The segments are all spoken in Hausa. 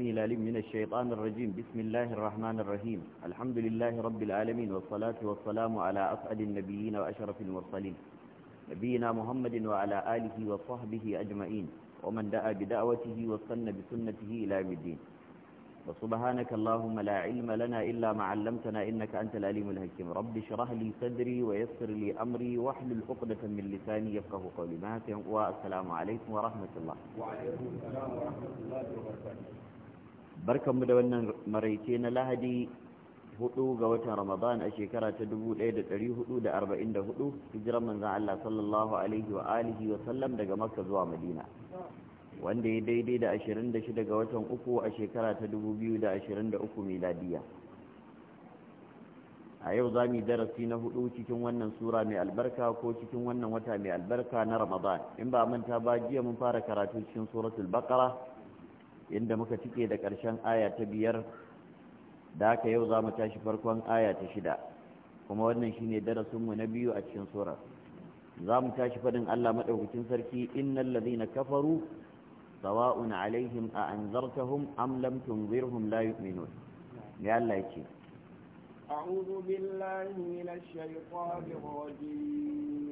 من الشيطان الرجيم بسم الله الرحمن الرحيم الحمد لله رب العالمين والصلاة والسلام على أسعد النبيين وأشرف المرسلين نبينا محمد وعلى آله وصحبه أجمعين ومن دعا بدعوته وصن بسنته إلى يوم الدين وسبحانك اللهم لا علم لنا إلا ما علمتنا إنك أنت العليم الحكيم رب اشرح لي صدري ويسر لي أمري واحلل عقدة من لساني يفقه قولي ما والسلام عليكم ورحمة الله وعليكم السلام ورحمة الله وبركاته barkanmu da wannan maraice na lahadi hudu ga watan ramadan a shekara ta 1444 hijiran manzan Allah sallallahu alaihi wa alihi wa sallam daga makka zuwa madina wanda ya daidai da 26 ga watan uku a shekara ta 2023 miladiya a yau za mu yi darasi na hudu cikin wannan sura mai albarka ko cikin wannan wata mai albarka na ramadan in ba manta ba jiya mun fara karatu cikin suratul bakara inda muka cike da ƙarshen aya ta biyar da haka yau za mu tashi farkon aya ta shida kuma wannan shine darasinmu na biyu a cikin surar za mu tashi faɗin Allah maɗaukacin sarki innal na kafaru sawa'un alaihim a anzartahum am lam tunzirhum la yu'minun ya Allah yake أعوذ بالله من الشيطان الرجيم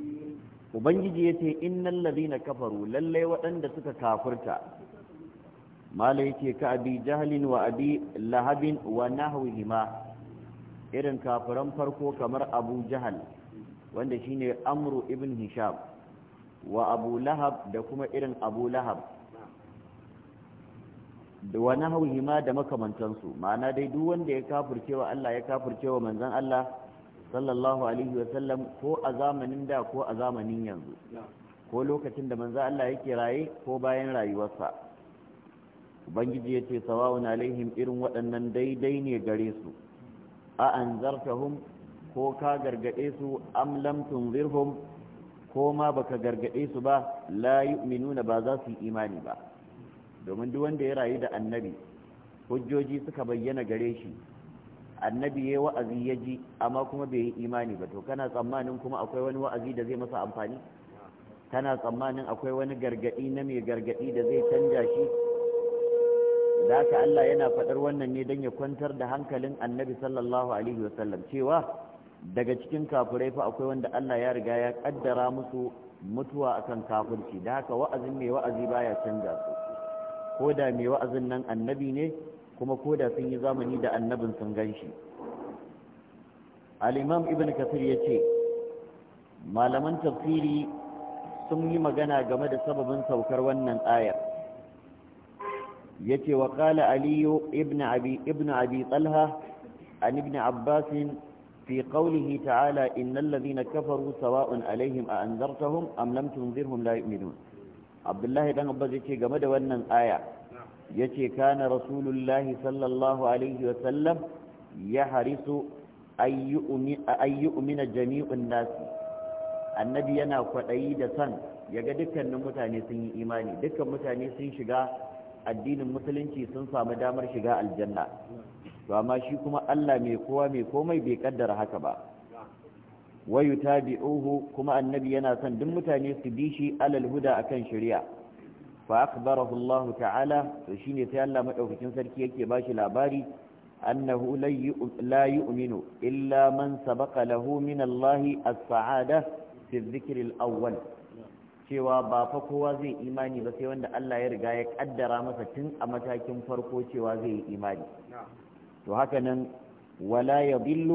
ubangiji ya ce na ladhina kafaru lallai waɗanda suka kafurta mala yake ka abi jahalin wa abi lahabin wa nahwihima irin kafuran farko kamar abu jahal wanda shine amru ibn hisham wa abu lahab da kuma irin abu lahab da wa hauhima da makamantansu ma'ana dai duk wanda ya kafircewa Allah ya kafurcewa manzon Allah sallallahu alaihi wa ko a zamanin da ko a zamanin yanzu ko lokacin da manzo Allah yake raye ko bayan rayuwarsa ubangiji yace sawa'un alaihim irin waɗannan daidai ne gare su a anzartahum ko ka gargade su am lam tunzirhum ko ma baka gargade su ba la yu'minuna ba za su yi imani ba domin duk wanda ya rayu da annabi hujjoji suka bayyana gare shi annabi ya wa'azi ya ji amma kuma bai yi imani ba to kana tsammanin kuma akwai wani wa'azi da zai masa amfani kana tsammanin akwai wani gargadi na mai gargadi da zai canja shi da haka Allah yana faɗar wannan ne don ya kwantar da hankalin annabi sallallahu alaihi wasallam cewa daga cikin kafurai fa akwai wanda Allah ya riga ya kaddara musu mutuwa akan kafirci da haka wa'azin mai wa'azi baya canja su ko da mai wa'azin nan annabi ne kuma ko da sun yi zamani da annabin sun gan shi al'imam ibn kafir ya ce malaman tafsiri sun yi magana game da sababin saukar wannan ayar ya ce wa aliyu ibn abi talha an ibn abbasin في قوله تعالى إن الذين كفروا سواء عليهم أأنذرتهم أم لم تنذرهم لا يؤمنون Abdullahi الله Abbas ya ce game da wannan aya Ya ce, kana rasulullahi sallallahu alaihi wa ya harisu ayyu'mina jami'un nasi annabi yana kwaɗayi da san yaga dukkanin mutane sun yi imani dukkan mutane sun shiga addinin musulunci sun samu damar shiga aljanna to amma shi kuma Allah mai kowa mai komai bai kaddara haka ba wayu tabi'uhu kuma annabi yana son duk mutane su bi shi alal huda akan shari'a فأخبره الله تعالى فشين يتألى مؤفكين سركي يكي باشي العباري أنه لا يؤمن إلا من سبق له من الله السعادة في الذكر الأول شوى بافكوا زي إيماني بس يوان ألا يرقى يكأدر عمسا تن أمتا كم فرقوا شوى زي إيماني نعم. وهكذا ولا يضل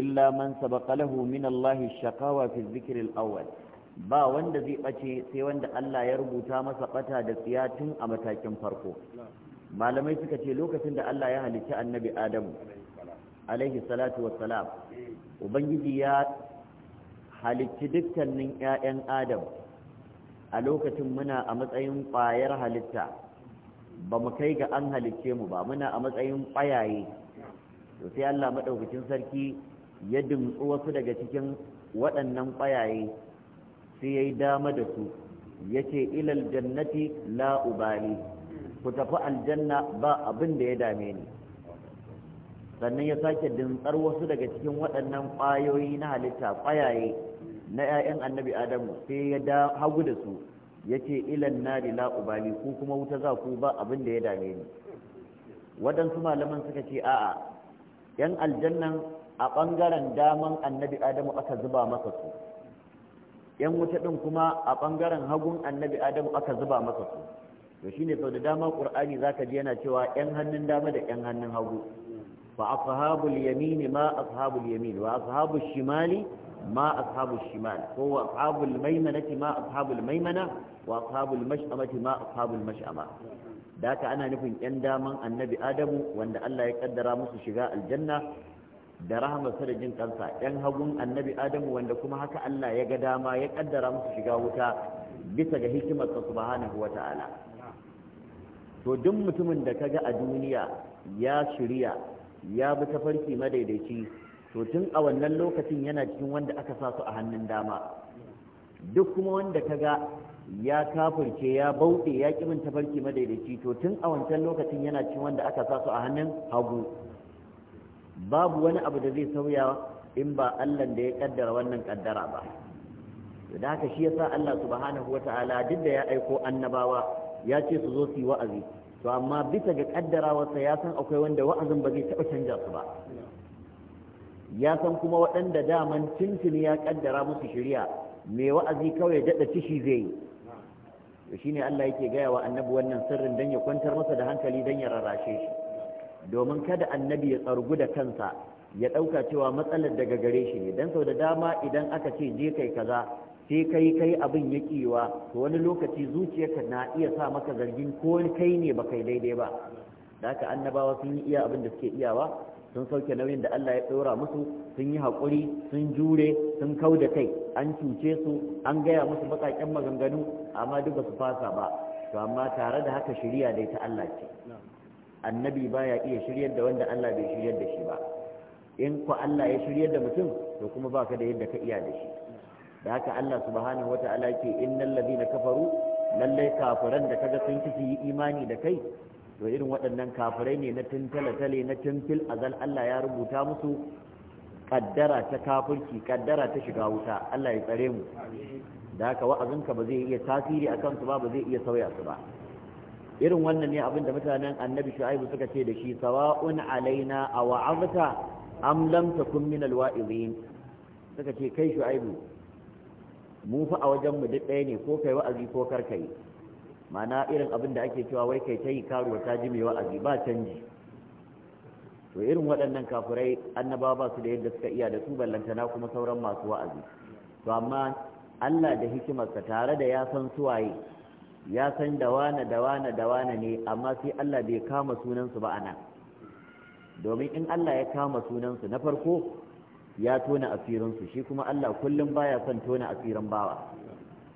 إلا من سبق له من الله الشقاوة في الذكر الأول ba wanda zai ɓace sai wanda Allah ya rubuta masa ɓata da tsiya tun a matakin farko malamai suka ce lokacin da Allah ya halicci annabi Adamu alaihi salatu wassalam ubangiji ya halicci dukkanin 'ya'yan Adam a lokacin muna a matsayin ƙwayar halitta ba mu kai ga an halicce mu ba muna a matsayin ƙwayaye to sai Allah maɗaukacin sarki ya dimtsu wasu daga cikin waɗannan ƙwayaye sai ya yi dama da su ya ce ilal jannati la ku tafi aljanna ba abin da ya dame ni sannan ya sake dintsar wasu daga cikin waɗannan ƙwayoyi na halitta ƙwayaye na 'ya'yan annabi adamu sai ya da hagu da su ya ce ilan nari la ku kuma wuta za ku ba abin da ya dame ni waɗansu malaman suka ce a'a 'yan aljannan a ɓangaren daman annabi adamu aka zuba masa su yan wuta din kuma a bangaren hagun annabi adamu aka zuba masa su to shine sau da dama qur'ani zaka ji yana cewa yan hannun dama da yan hannun hagu fa ashabul yamin ma ashabul yamin wa ashabul shimali ma ashabul shimal ko wa ashabul maimanati ma ashabul maimana wa ashabul mash'amati ma ashabul mash'ama da ka ana nufin yan daman annabi adamu wanda Allah ya kaddara musu shiga aljanna da rahamarsa da jin kansa yan hagun annabi adamu wanda kuma haka Allah ya ga dama ya kaddara musu shiga wuta bisa ga sa subhanahu ta'ala to duk mutumin da kaga a duniya ya shirya ya bi ta farki madaidaici to tun a wannan lokacin yana cikin wanda aka sa su a hannun dama duk kuma wanda kaga ya kafirce ya bauɗe ya ƙi ta tafarki madaidaici to tun a wancan lokacin yana cikin wanda aka sa su a hannun hagu babu wani abu da zai sauya in ba Allah da ya kaddara wannan kaddara ba da haka shi yasa Allah subhanahu wata'ala duk da ya aiko annabawa ya ce su zo su yi wa'azi to amma bisa ga kaddarawarsa ya san akwai wanda wa'azin ba zai taɓa canja su ba ya san kuma waɗanda daman tuntuni ya kaddara musu shirya me wa'azi kawai daɗa cishi zai yi to shine Allah yake gaya wa annabi wannan sirrin dan ya kwantar masa da hankali dan ya rarrashe shi domin kada annabi ya tsargu da kansa ya ɗauka cewa matsalar daga gare shi ne don sau da dama idan aka ce je kai kaza sai kai kai abin ya kiwa to wani lokaci zuciyarka na iya sa maka zargin ko kai ne ba kai daidai ba da haka annabawa sun yi iya abin da suke iyawa sun sauke nauyin da Allah ya ɗora musu sun yi haƙuri sun jure sun kau da kai an cuce su an gaya musu baƙaƙen maganganu amma duk ba su fasa ba to amma tare da haka shirya dai ta Allah ce annabi baya iya shiryar da wanda Allah bai shiryar da shi ba in ku Allah ya shiryar da mutum to kuma baka da yadda ka iya da shi da haka Allah subhanahu wata'ala ke innal ladina kafaru lallai kafiran da kaga sun kici yi imani da kai to irin waɗannan kafirai ne na tale na tunfil azal Allah ya rubuta musu kaddara ta kafirci kaddara ta shiga wuta Allah ya tsare mu da haka wa'azinka ba zai iya tasiri akan su ba ba zai iya sauya su ba irin wannan ne abinda mutanen annabi shu'aibu suka ce da shi sawa'un alaina a wa'azta am lam takun min alwa'izin suka ce kai shu'aibu mu fa a wajen mu duk ɗaya ne ko kai wa'azi ko kar mana irin abin ake cewa wai kai tayi karuwa ta ji mai wa'azi ba canji to irin waɗannan kafurai annaba ba su da yadda suka iya da su ballantana kuma sauran masu wa'azi to amma Allah da hikimarsa tare da ya san suwaye ya san dawana dawana dawana ne amma sai Allah bai kama sunansu ba ana domin in Allah ya kama sunansu na farko ya tona asirinsu shi kuma Allah kullum baya son tona asirin bawa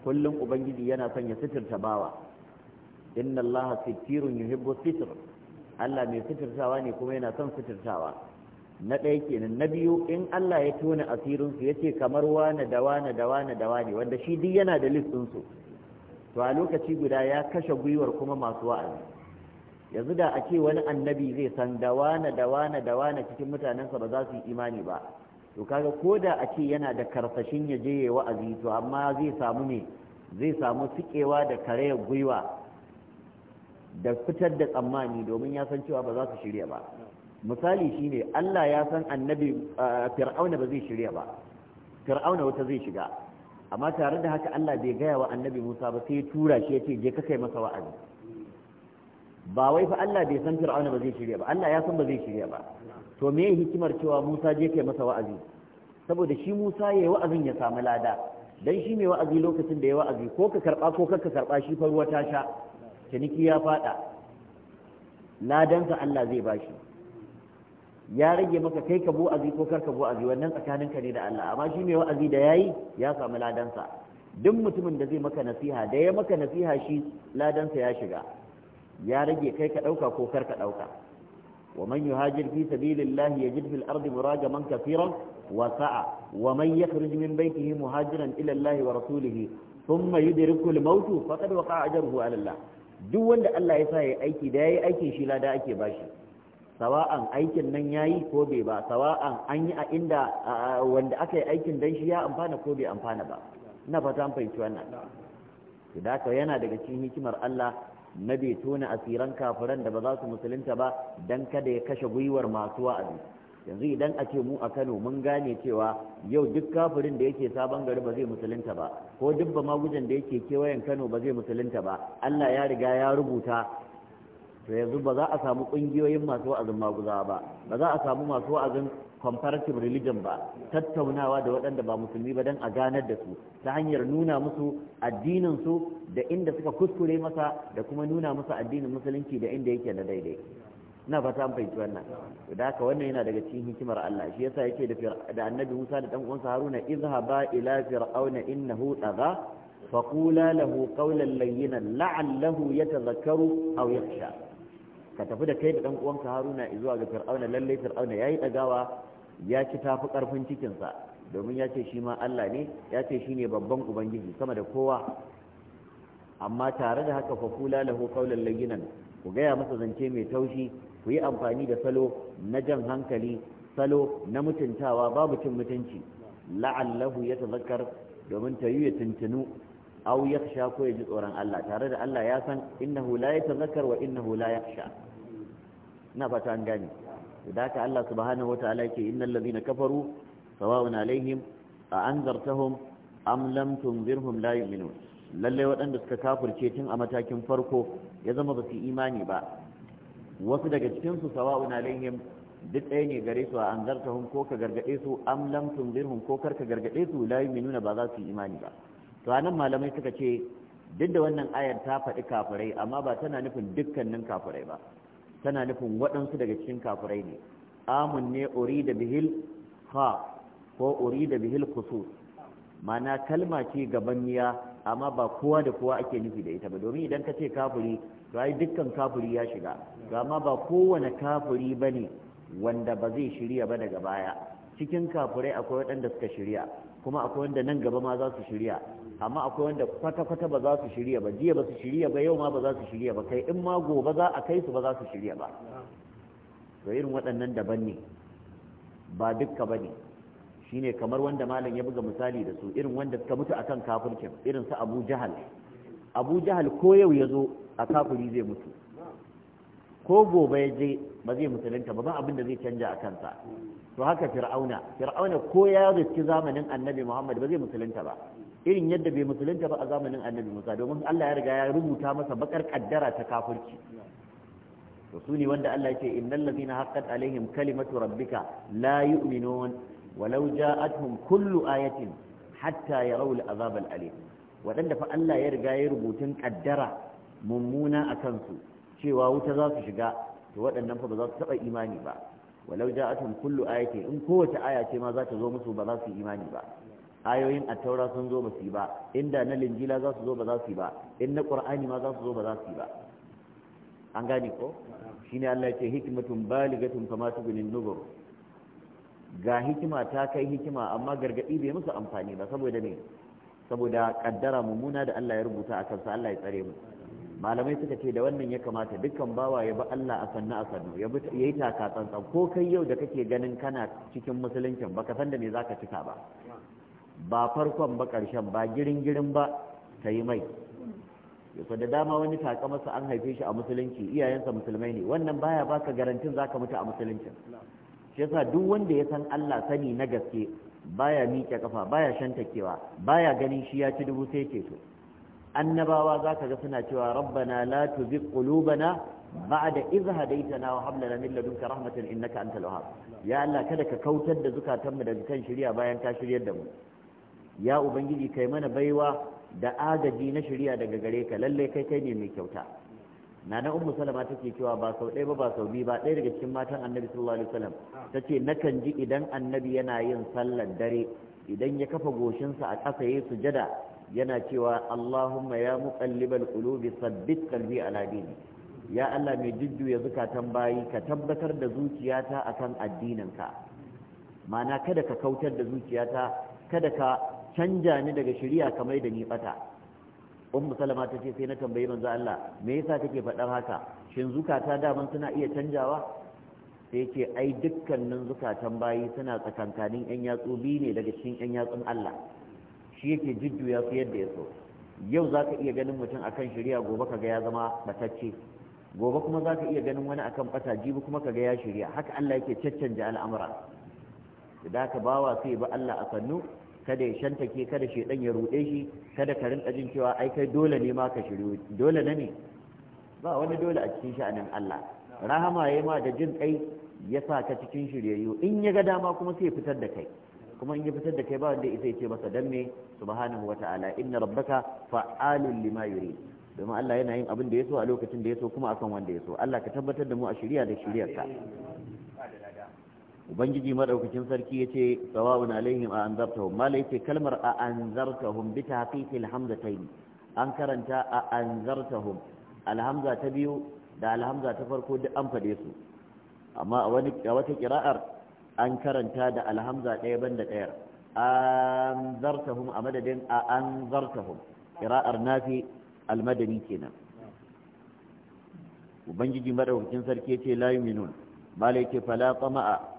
kullum ubangiji yana son ya sitirta bawa inna Allah sitirun yuhibbu sitr Allah mai sitirtawa ne kuma yana son sitirtawa na ɗaya kenan na biyu in Allah ya tona asirinsu ya ce kamar wane da wane da wane da wane wanda shi duk yana da listinsu su to a lokaci guda ya kashe gwiwar kuma masu wa'azi yanzu da a wani annabi zai san dawana dawana dawana cikin mutanensa ba za su yi imani ba to kaga ko da a ce yana da karsashin ya je ya wa'azi to amma zai samu ne zai samu sikewa da kare gwiwa da fitar da tsammani domin ya san cewa ba za su shirya ba misali shine Allah ya san annabi fir'auna ba zai shirya ba fir'auna wata zai shiga amma tare da haka Allah bai gaya wa annabi Musa ba sai ya tura shi ya ce je ka kai masa wa'azi ba wai fa Allah bai san fir'aun ba zai shirya ba Allah ya san ba zai shirya ba to me hikimar cewa Musa je kai masa wa'azi saboda shi Musa yayi wa'azin ya samu lada dan shi mai wa'azi lokacin da ya wa'azi ko ka karba ko ka karba shi fa ruwa ta sha ciniki ya fada sa Allah zai bashi ya rage maka kai ka bu'azi ko kar ka bu'azi wannan tsakaninka ne da Allah amma shi mai wa'azi da yayi ya samu ladansa duk mutumin da zai maka nasiha da ya maka nasiha shi ladansa ya shiga ya rage kai ka dauka ko kar ka dauka wa man yuhajir fi sabilillahi yajid fil ardi muragaman kaseeran wa sa'a wa man yakhruj min baytihi muhajiran ila Allah wa rasulih thumma yudriku al-maut faqad waqa'a ajruhu ala Allah duk wanda Allah ya sa yayi aiki da yayi aikin shi lada ake bashi sawa'an aikin nan yayi ko bai ba sawa'an an yi a inda wanda aka yi aikin dan shi ya amfana ko bai amfana ba ina fata an fahimci wannan to da yana daga cikin hikimar Allah na bai tona asiran kafiran da ba za su musulunta ba dan kada ya kashe gwiwar masu wa'azi yanzu idan a ce mu a Kano mun gane cewa yau duk kafirin da yake sabon gari ba zai musulunta ba ko duk ba magujan da yake kewayen Kano ba zai musulunta ba Allah ya riga ya rubuta to yanzu ba za a samu ƙungiyoyin masu wa'azin maguza ba ba za a samu masu wa'azin comparative religion ba tattaunawa da waɗanda ba musulmi ba don a ganar da su ta hanyar nuna musu addinin su da inda suka kuskure masa da kuma nuna musu addinin musulunci da inda yake na daidai ina fata an fahimci wannan da haka wannan yana daga cikin hikimar Allah shi yasa yake da da annabi Musa da dan uwansa Haruna izhaba ila fir'auna innahu tagha faqula lahu qawlan layyinan la'allahu yatadhakkaru aw yakhsha ka tafi da kai da dan uwanka haruna zuwa ga fir'auna lalle fir'auna yi dagawa ya ci tafi karfin cikinsa domin ya ce shi ma Allah ne ya ce shi ne babban ubangiji sama da kowa amma tare da haka fakula lahu qawlan layyinan ku gaya masa zance mai taushi ku yi amfani da salo na jan hankali salo na mutuntawa babu cin mutunci la'allahu ya tazakkar domin ta yi ya tuntunu aw yakhsha ko ya ji tsoron Allah tare da Allah ya san innahu la yatazakkar wa innahu la sha ina fata an gane da haka Allah subhanahu wataala yake innal ladhina kafaru sawa'un alaihim a anzartahum am lam tunzirhum la yu'minun lalle waɗanda suka kafirce tun a matakin farko ya zama ba su imani ba wasu daga cikin su sawa'un alaihim duk ɗaya ne gare su a anzartahum ko ka gargade su am lam tunzirhum ko kar ka gargade su la yu'minuna ba za su imani ba to anan malamai suka ce duk da wannan ayar ta faɗi kafirai amma ba tana nufin dukkanin kafirai ba tana nufin waɗansu daga cikin kafirai ne amun ne ori da bihil ha ko da bihil kusu mana kalma ce gaban miya amma ba kowa da kowa ake nufi da ita ba domin idan ka ce kafiri to ai dukkan kafiri ya shiga amma ba kowane kafiri ne wanda ba zai shirya ba daga baya cikin kafirai akwai waɗanda suka shirya kuma akwai wanda nan gaba ma za su shirya amma akwai wanda kwata-kwata ba za su shirya ba jiya ba su shirya ba yau ma ba za su shirya ba kai in ma gobe za a kai su ba za su shirya ba to irin waɗannan daban ne ba dukka ba ne shi ne kamar wanda malam ya buga misali da su irin wanda suka mutu akan kafirkin irin su abu jahal abu jahal ko yau ya zo a kafiri zai mutu ko gobe ya je ba zai musulunta ba ba abin da zai canja a kansa to haka fir'auna fir'auna ko ya riski zamanin annabi muhammad ba zai musulunta ba irin yadda bai musulunta ba a zamanin annabi musa domin allah ya riga ya rubuta masa bakar kaddara ta kafirci to su ne wanda allah ce innal ladina haqqat alaihim kalimatu rabbika la yu'minun walau ja'atuhum kullu ayatin hatta yaraw al'azab al'alim wadanda fa allah ya riga ya rubutun kaddara mummuna akan su cewa wuta za su shiga to waɗannan fa ba za su taɓa imani ba walau ja'atuhum kullu ayatin in kowace aya ce ma za ta zo musu ba za su imani ba ayoyin taura sun zo ba su yi ba inda na linjila za su zo ba za su yi ba in na ƙur'ani ma za su zo ba za su yi ba an gane ko ne Allah ce hikimatun baligatun fama tugunin nubur ga hikima ta kai hikima amma gargaɗi bai musu amfani ba saboda ne saboda ƙaddara mummuna da Allah ya rubuta a kansa Allah ya tsare mu malamai suka ce da wannan ya kamata dukkan bawa ya bi Allah a sannu a sannu ya yi taka tsantsan ko kai yau da kake ganin kana cikin musuluncin baka san da me zaka cika ba ba farkon ba ƙarshen ba girin girin ba ta yi mai yasa da dama wani taka masa an haife shi a musulunci iyayensa musulmai ne wannan baya baka garantin za ka mutu a musuluncin shi yasa duk wanda ya san Allah sani na gaske baya miƙe kafa baya shantakewa baya ganin shi ya ci dubu sai ce to annabawa za ka ga suna cewa rabbana la tuzigh qulubana ba'da idh hadaytana wa hab lana min ladunka rahmatan innaka antal wahhab ya Allah kada ka kautar da zukatanmu daga kan shirya bayan ka shiryar da mu ya ubangiji kai mana baiwa da agaji na shari'a daga gare ka lalle kai kai ne mai kyauta na na ummu salama take cewa ba sau ɗaya ba ba sau biyu ba ɗaya daga cikin matan annabi sallallahu alaihi wasallam tace nakan ji idan annabi yana yin sallar dare idan ya kafa goshinsa a ƙasa yayin sujada yana cewa Allahumma ya muqallibal qulubi sabbit qalbi ala dini ya Allah mai jujjuya zukatan bayi ka tabbatar da zuciyata akan addinin ka ma'ana kada ka kautar da zuciyata kada ka canja ni daga shari'a kamar da ni bata ummu salama ta ce sai na tambayi manzo Allah me yasa kake faɗar haka shin zukata daman suna iya canjawa sai yake ai dukkanin zukatan bayi suna tsakankanin yan yatsu biyu ne daga cikin yan yatsun Allah shi yake jujjuya fi yadda ya so yau za ka iya ganin mutum akan shari'a gobe kaga ya zama batacce gobe kuma zaka iya ganin wani akan bata jibi kuma kaga ya shirya haka Allah yake caccanja al'amura da ka bawa sai ba Allah a sannu kada ya shantake kada shaidan ya rude shi kada ka rinka jin cewa ai kai dole ne ma ka shiryu dole ne ba wani dole a cikin sha'anin Allah rahama yayi ma da jin kai ya sa ka cikin shiryayyu in ya ga dama kuma sai ya fitar da kai kuma in ya fitar da kai ba wanda zai ce masa dan me subhanahu wataala inna rabbaka fa'alun lima yurid domin Allah yana yin abin da ya so a lokacin da ya so kuma akan wanda ya so Allah ka tabbatar da mu a shirya da shiryarka ubangiji madaukakin sarki ya yace sawa'un alaihim a anzartahum mala yace kalmar a anzartahum bi ta yi an karanta a anzartahum alhamza ta biyu da alhamza ta farko duk an fade su amma a wani a wata kira'ar an karanta da alhamza ɗaya ban da ɗayar anzartahum a madadin a anzartahum kira'ar nafi almadani kenan ubangiji madaukakin sarki ya ce layu minun mala yace fala tama'a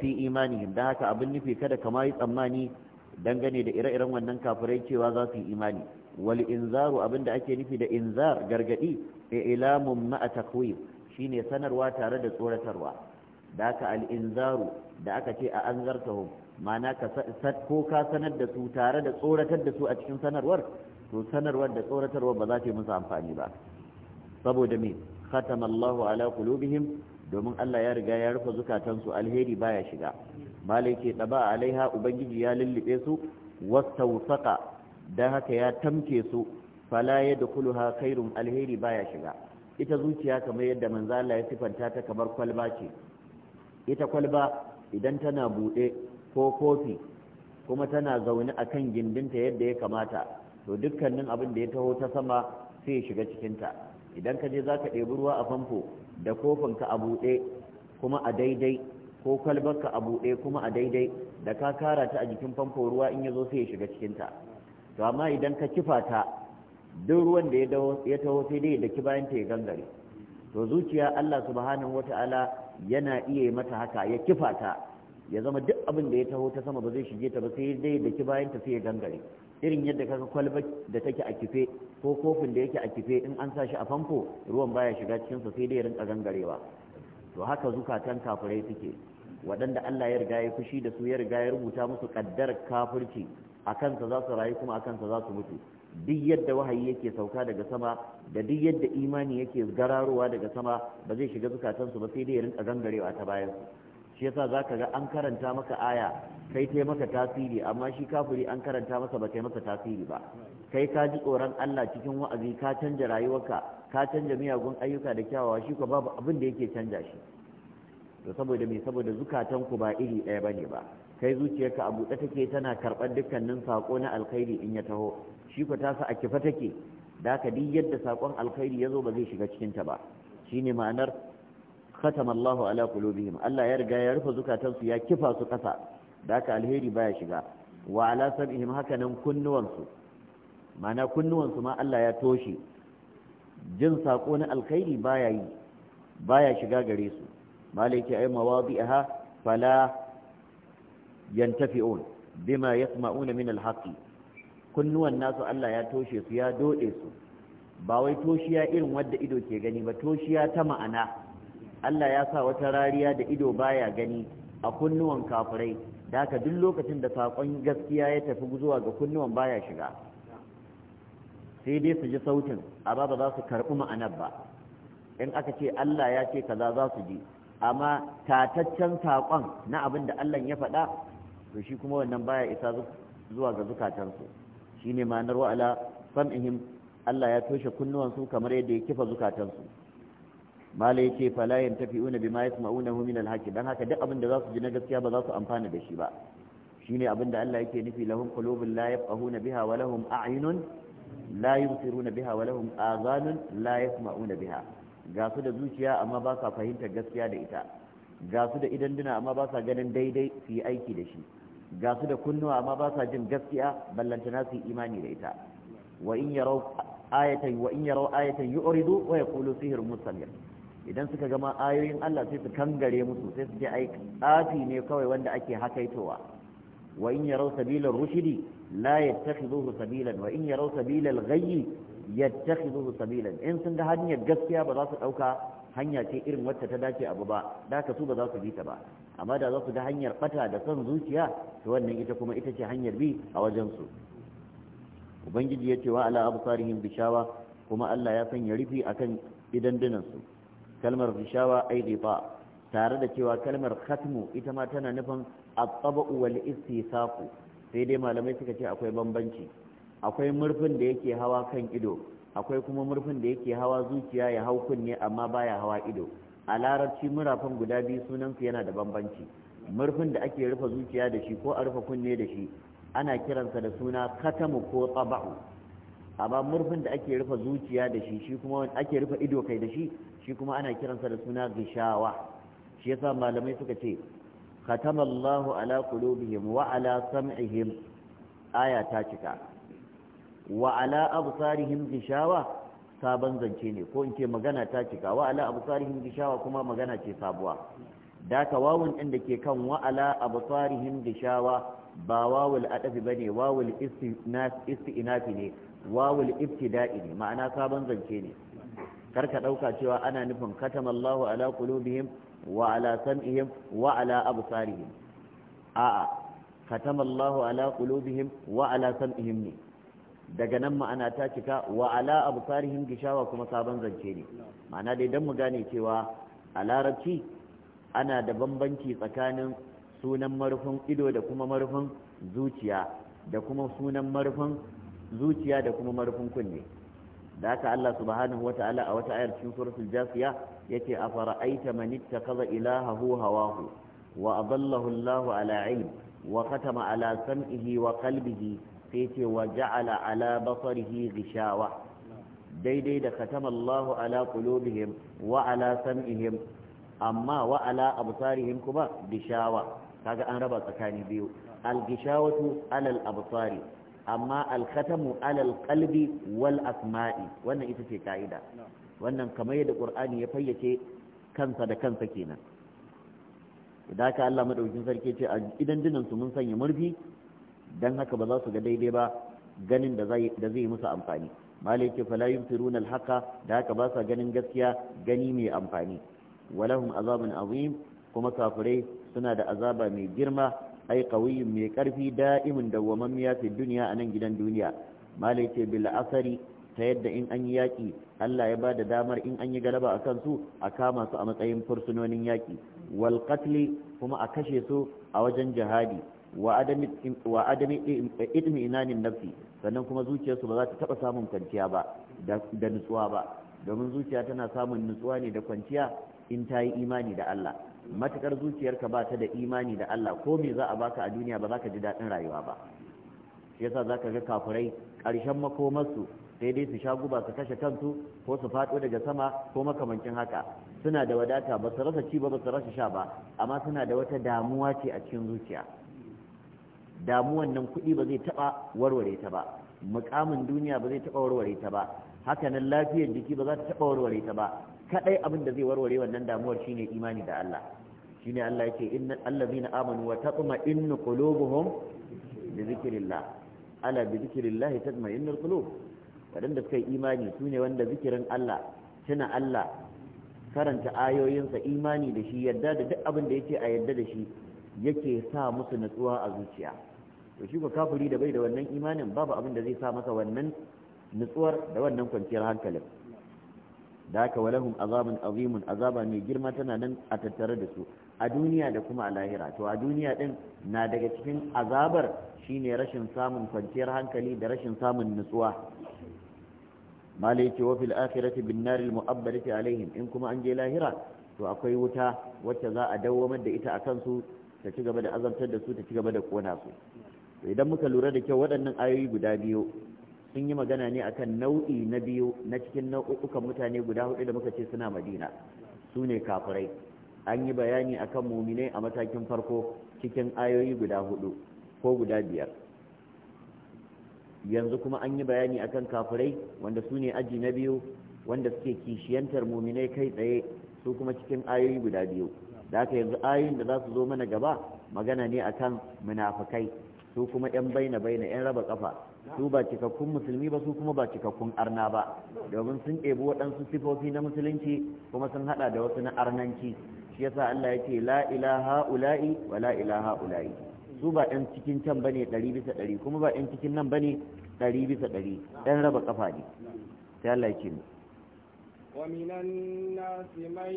fi imanihim da haka abin nufi kada kama yi tsammani dangane da ire-iren wannan kafirai cewa za su yi imani wal inzaru abin da ake nufi da inzar gargadi ilamun ma'a takwim shine sanarwa tare da tsoratarwa da haka al inzaru da aka ce a anzartahum ma'ana ka ko ka sanar da su tare da tsoratar da su a cikin sanarwar to sanarwar da tsoratarwar ba za ta yi musu amfani ba saboda me khatama Allahu ala qulubihim domin Allah ya riga ya rufe zukatansu alheri baya shiga malai ke daba alaiha ubangiji ya lullube su wastawsaqa da haka ya tamke su fala yadkhuluha kairun alheri baya shiga ita zuciya kamar yadda manzo Allah ya sifanta ta kamar kwalba ce ita kwalba idan tana buɗe ko kofi kuma tana zaune a kan gindinta yadda ya kamata to dukkanin abin da ya taho ta sama sai ya shiga cikinta idan ka je za ka ɗebi ruwa a famfo da kofinka a buɗe kuma a daidai ko kwalbarka a buɗe kuma a daidai da ka kara ta a jikin famfo ruwa in ya zo sai ya shiga cikinta to amma idan ka kifa ta duk ruwan da ya taho sai dai da ki bayan ta ya gangare to zuciya Allah subhanahu wata'ala yana iya yi mata haka ya kifa ta ya zama duk abin da ya taho ta sama ba zai shige ta ba sai dai da ki bayan ta sai ya gangare irin yadda kaga kwalba da take a kife ko kofin da yake a kife in an sa shi a famfo ruwan baya shiga cikin sa sai dai rinka gangarewa to haka zukatan kafurai suke waɗanda Allah ya riga ya fushi da su ya riga ya rubuta musu kaddar kafirci a kansa za su rayu kuma a kansa za su mutu duk yadda wahayi yake sauka daga sama da duk yadda imani yake gararowa daga sama ba zai shiga zukatansu ba sai dai ya rinka gangarewa ta bayan shi yasa zaka ga an karanta maka aya kai taimaka maka tasiri amma shi kafiri an karanta masa ba tai masa tasiri ba kai ka ji tsoron Allah cikin wa'azi ka canja rayuwarka ka canja miyagun ayyuka da kyawawa shi ko babu abin da yake canja shi to saboda me saboda zukatan ku ba iri ɗaya bane ba kai zuciyarka a buɗe take tana karɓar dukkanin sako na alkhairi in ya taho shi ko tasa a kifa take da ka duk yadda sakon alkhairi ya zo ba zai shiga cikin ta ba shine ma'anar khatama Allahu ala qulubihim Allah ya riga ya rufe zukatansu ya kifa su kasa da haka alheri baya shiga wa ala sab'ihim haka nan kunnuwansu mana kunnuwansu ma Allah ya toshe jin sako na alkhairi baya yi baya shiga gare su malaki ay mawadi'aha fala yantafi'un bima yasma'una min alhaqi kunnuwan nasu Allah ya toshe su ya dode su ba wai toshiya irin wadda ido ke gani ba toshiya ta ma'ana Allah ya sa wata rariya da ido baya gani a kunnuwan kafirai da haka duk lokacin da saƙon gaskiya ya tafi zuwa ga kunnuwan baya shiga sai dai su ji sautin amma ba za su karɓi ma'anar ba in aka ce Allah ya ce kaza za su ji amma tataccen saƙon na abin da Allah ya faɗa to shi kuma wannan baya isa zuwa ga zukatansu shine ma'anar wa'ala sam'ihim Allah ya toshe kunnuwansu kamar yadda ya kifa zukatansu mala bi ma yasma una hu min al-haqq dan haka duk abin da za su ji na gaskiya ba za su amfana da shi ba shine abin da Allah yake nufi lahum qulubun la yafqahuna biha wa lahum a'yunun la yubsiruna biha wa lahum azanun la yasma'una biha ga su da zuciya amma ba sa fahimtar gaskiya da ita ga su da duna amma ba sa ganin daidai su yi aiki da shi ga su da kunnuwa amma ba sa jin gaskiya ballantana su yi imani da ita wa in yarau ayatan wa in yarau ayatan yu'ridu wa yaqulu sihrun mustamir idan suka gama ayoyin Allah sai su kangare musu sai su ce ai tsafi ne kawai wanda ake hakaitowa wa in yarau sabilar rushidi la yattakhiduhu sabilan wa in yarau sabilal ghayyi yattakhiduhu sabilan in sun ga hanyar gaskiya ba za su dauka hanya ce irin wacce ta dace abu ba da ka su ba za su bi ta ba amma da za su ga hanyar bata da son zuciya to wannan ita kuma ita ce hanyar bi a wajen su ubangiji ya ce wa ala absarihim bishawa kuma Allah ya sanya rufi akan idan dinansu su kalmar rishawa ai ba tare da cewa kalmar khatmu ita ma tana nufin at tabu wal istisaqu sai dai malamai suka ce akwai bambanci akwai murfin da yake hawa kan ido akwai kuma murfin da yake hawa zuciya ya hau kunne amma baya hawa ido a larabci murafan guda biyu sunansu yana da bambanci murfin da ake rufe zuciya da shi ko a rufe kunne da shi ana kiransa da suna katamu ko tsaba'u amma murfin da ake rufe zuciya da shi shi kuma ake rufe ido kai da shi shi kuma ana kiransa da suna gishawa shi yasa malamai suka ce khatamallahu ala qulubihim wa ala sam'ihim aya ta cika wa ala absarihim gishawa sabon zance ne ko in ce magana ta cika wa ala absarihim gishawa kuma magana ce sabuwa daka wawun din da ke kan wa ala absarihim gishawa ba wawul adafi bane wawul istinafi ne wawul ibtida'i ne ma'ana sabon zance ne karka ɗauka cewa ana nufin katamallahu ala qulubihim wa ala sam'ihim wa ala absarihim a'a katamallahu ala qulubihim wa ala sam'ihim ne daga nan ma'ana ta cika wa ala absarihim gishawa kuma sabon zance ne ma'ana dai dan mu gane cewa a larabci ana da bambanci tsakanin sunan marufin ido da kuma marufin zuciya da kuma sunan marufin zuciya da kuma marufin kunne da haka Allah subhanahu wa ta'ala a wata ayar cikin suratul jasiya yake a fara'aita man ittakhadha ilahahu hawahu wa adallahu Allah ala ilm wa khatama ala sam'ihi wa qalbihi sai ce wa ja'ala ala basarihi ghishawa daidai da khatama Allah ala qulubihim wa ala sam'ihim amma wa ala absarihim kuma gishawa kaga an raba tsakani biyu al-gishawatu ala al-absari amma alkhatamu alal kalbi wal asma'i wannan ita ce ka'ida wannan kamar yadda qur'ani ya fayyace kansa da kansa kenan idan ka Allah madaukakin sarki ce a idan dinan su mun sanya murfi dan haka ba za su ga daidai ba ganin da zai da zai musu amfani malai ce fala yubsiruna al da haka ba sa ganin gaskiya gani mai amfani walahum azabun azim kuma kafirai suna da azaba mai girma ai qawiyyun mai karfi da'imin dawwamammiya fi duniya anan gidan duniya malai ce bil asari ta yadda in an yi yaki Allah ya ba da damar in an yi galaba a su a kama su a matsayin fursunonin yaƙi wal qatli kuma a kashe su a wajen jihadi wa adami itmi inanin nafsi sannan kuma zuciyarsu ba za ta taba samun kwanciya ba da nutsuwa ba domin zuciya tana samun nutsuwa ne da kwanciya in ta yi imani da Allah matukar zuciyarka ba ta da imani da Allah ko me za a baka a duniya ba za ka ji daɗin rayuwa ba shi yasa za ka ga kafurai karshen makomarsu sai dai su sha guba su kashe kansu ko su faɗo daga sama ko makamancin haka suna da wadata ba su rasa ci ba ba su rasa sha ba amma suna da wata damuwa ce a cikin zuciya damuwan nan kuɗi ba zai taɓa warware ta ba mukamin duniya ba zai taɓa warware ta ba haka nan lafiyar jiki ba za ta taɓa warware ta ba kaɗai abin da zai warware wannan damuwar shine imani da Allah shine Allah yake inna allazina amanu wa tatma'innu qulubuhum bi zikrillah ala bi zikrillah tatma'innul qulub wadanda suka yi imani sune wanda zikirin Allah tuna Allah karanta ayoyinsa imani da shi yadda da duk abin da yake a yadda da shi yake sa musu nutsuwa a zuciya to shi ko kafiri da bai da wannan imanin babu abin da zai sa masa wannan nutsuwar da wannan kwanciyar hankalin da haka walahum azabin azimun azaba mai girma tana nan a tattare da su a duniya da kuma a lahira to a duniya din na daga cikin azabar shine rashin samun kwanciyar hankali da rashin samun nutsuwa malai ce wa fil akhirati bin nar al mu'abbarati alaihim in kuma an je lahira to akwai wuta wacce za a dawwamar da ita akan su ta ci gaba da azabtar da su ta ci gaba da kona su idan muka lura da kyau waɗannan ayoyi guda biyu sun yi magana ne akan nau'i na biyu na cikin nau'ukan mutane guda hudu da muka ce suna madina su ne kafirai an yi bayani a kan muminai a matakin farko cikin ayoyi guda hudu ko guda biyar yanzu kuma an yi bayani a kan kafirai wanda su ne aji na biyu wanda suke kishiyantar muminai kai tsaye su kuma cikin ayoyi guda biyu da haka yanzu ayoyin da za su zo mana gaba magana ne akan munafukai su kuma 'yan baina baina 'yan raba kafa su ba cikakkun musulmi ba su kuma ba cikakkun arna ba domin sun ɗebi waɗansu sifofi na musulunci kuma sun haɗa da wasu na arnanci shi yasa Allah yake la ilaha ula'i wa la ilaha ula'i su ba ɗan cikin can bane ɗari bisa ɗari kuma ba ɗan cikin nan bane ɗari bisa ɗari ɗan raba kafa ne sai Allah yake mu ومن الناس من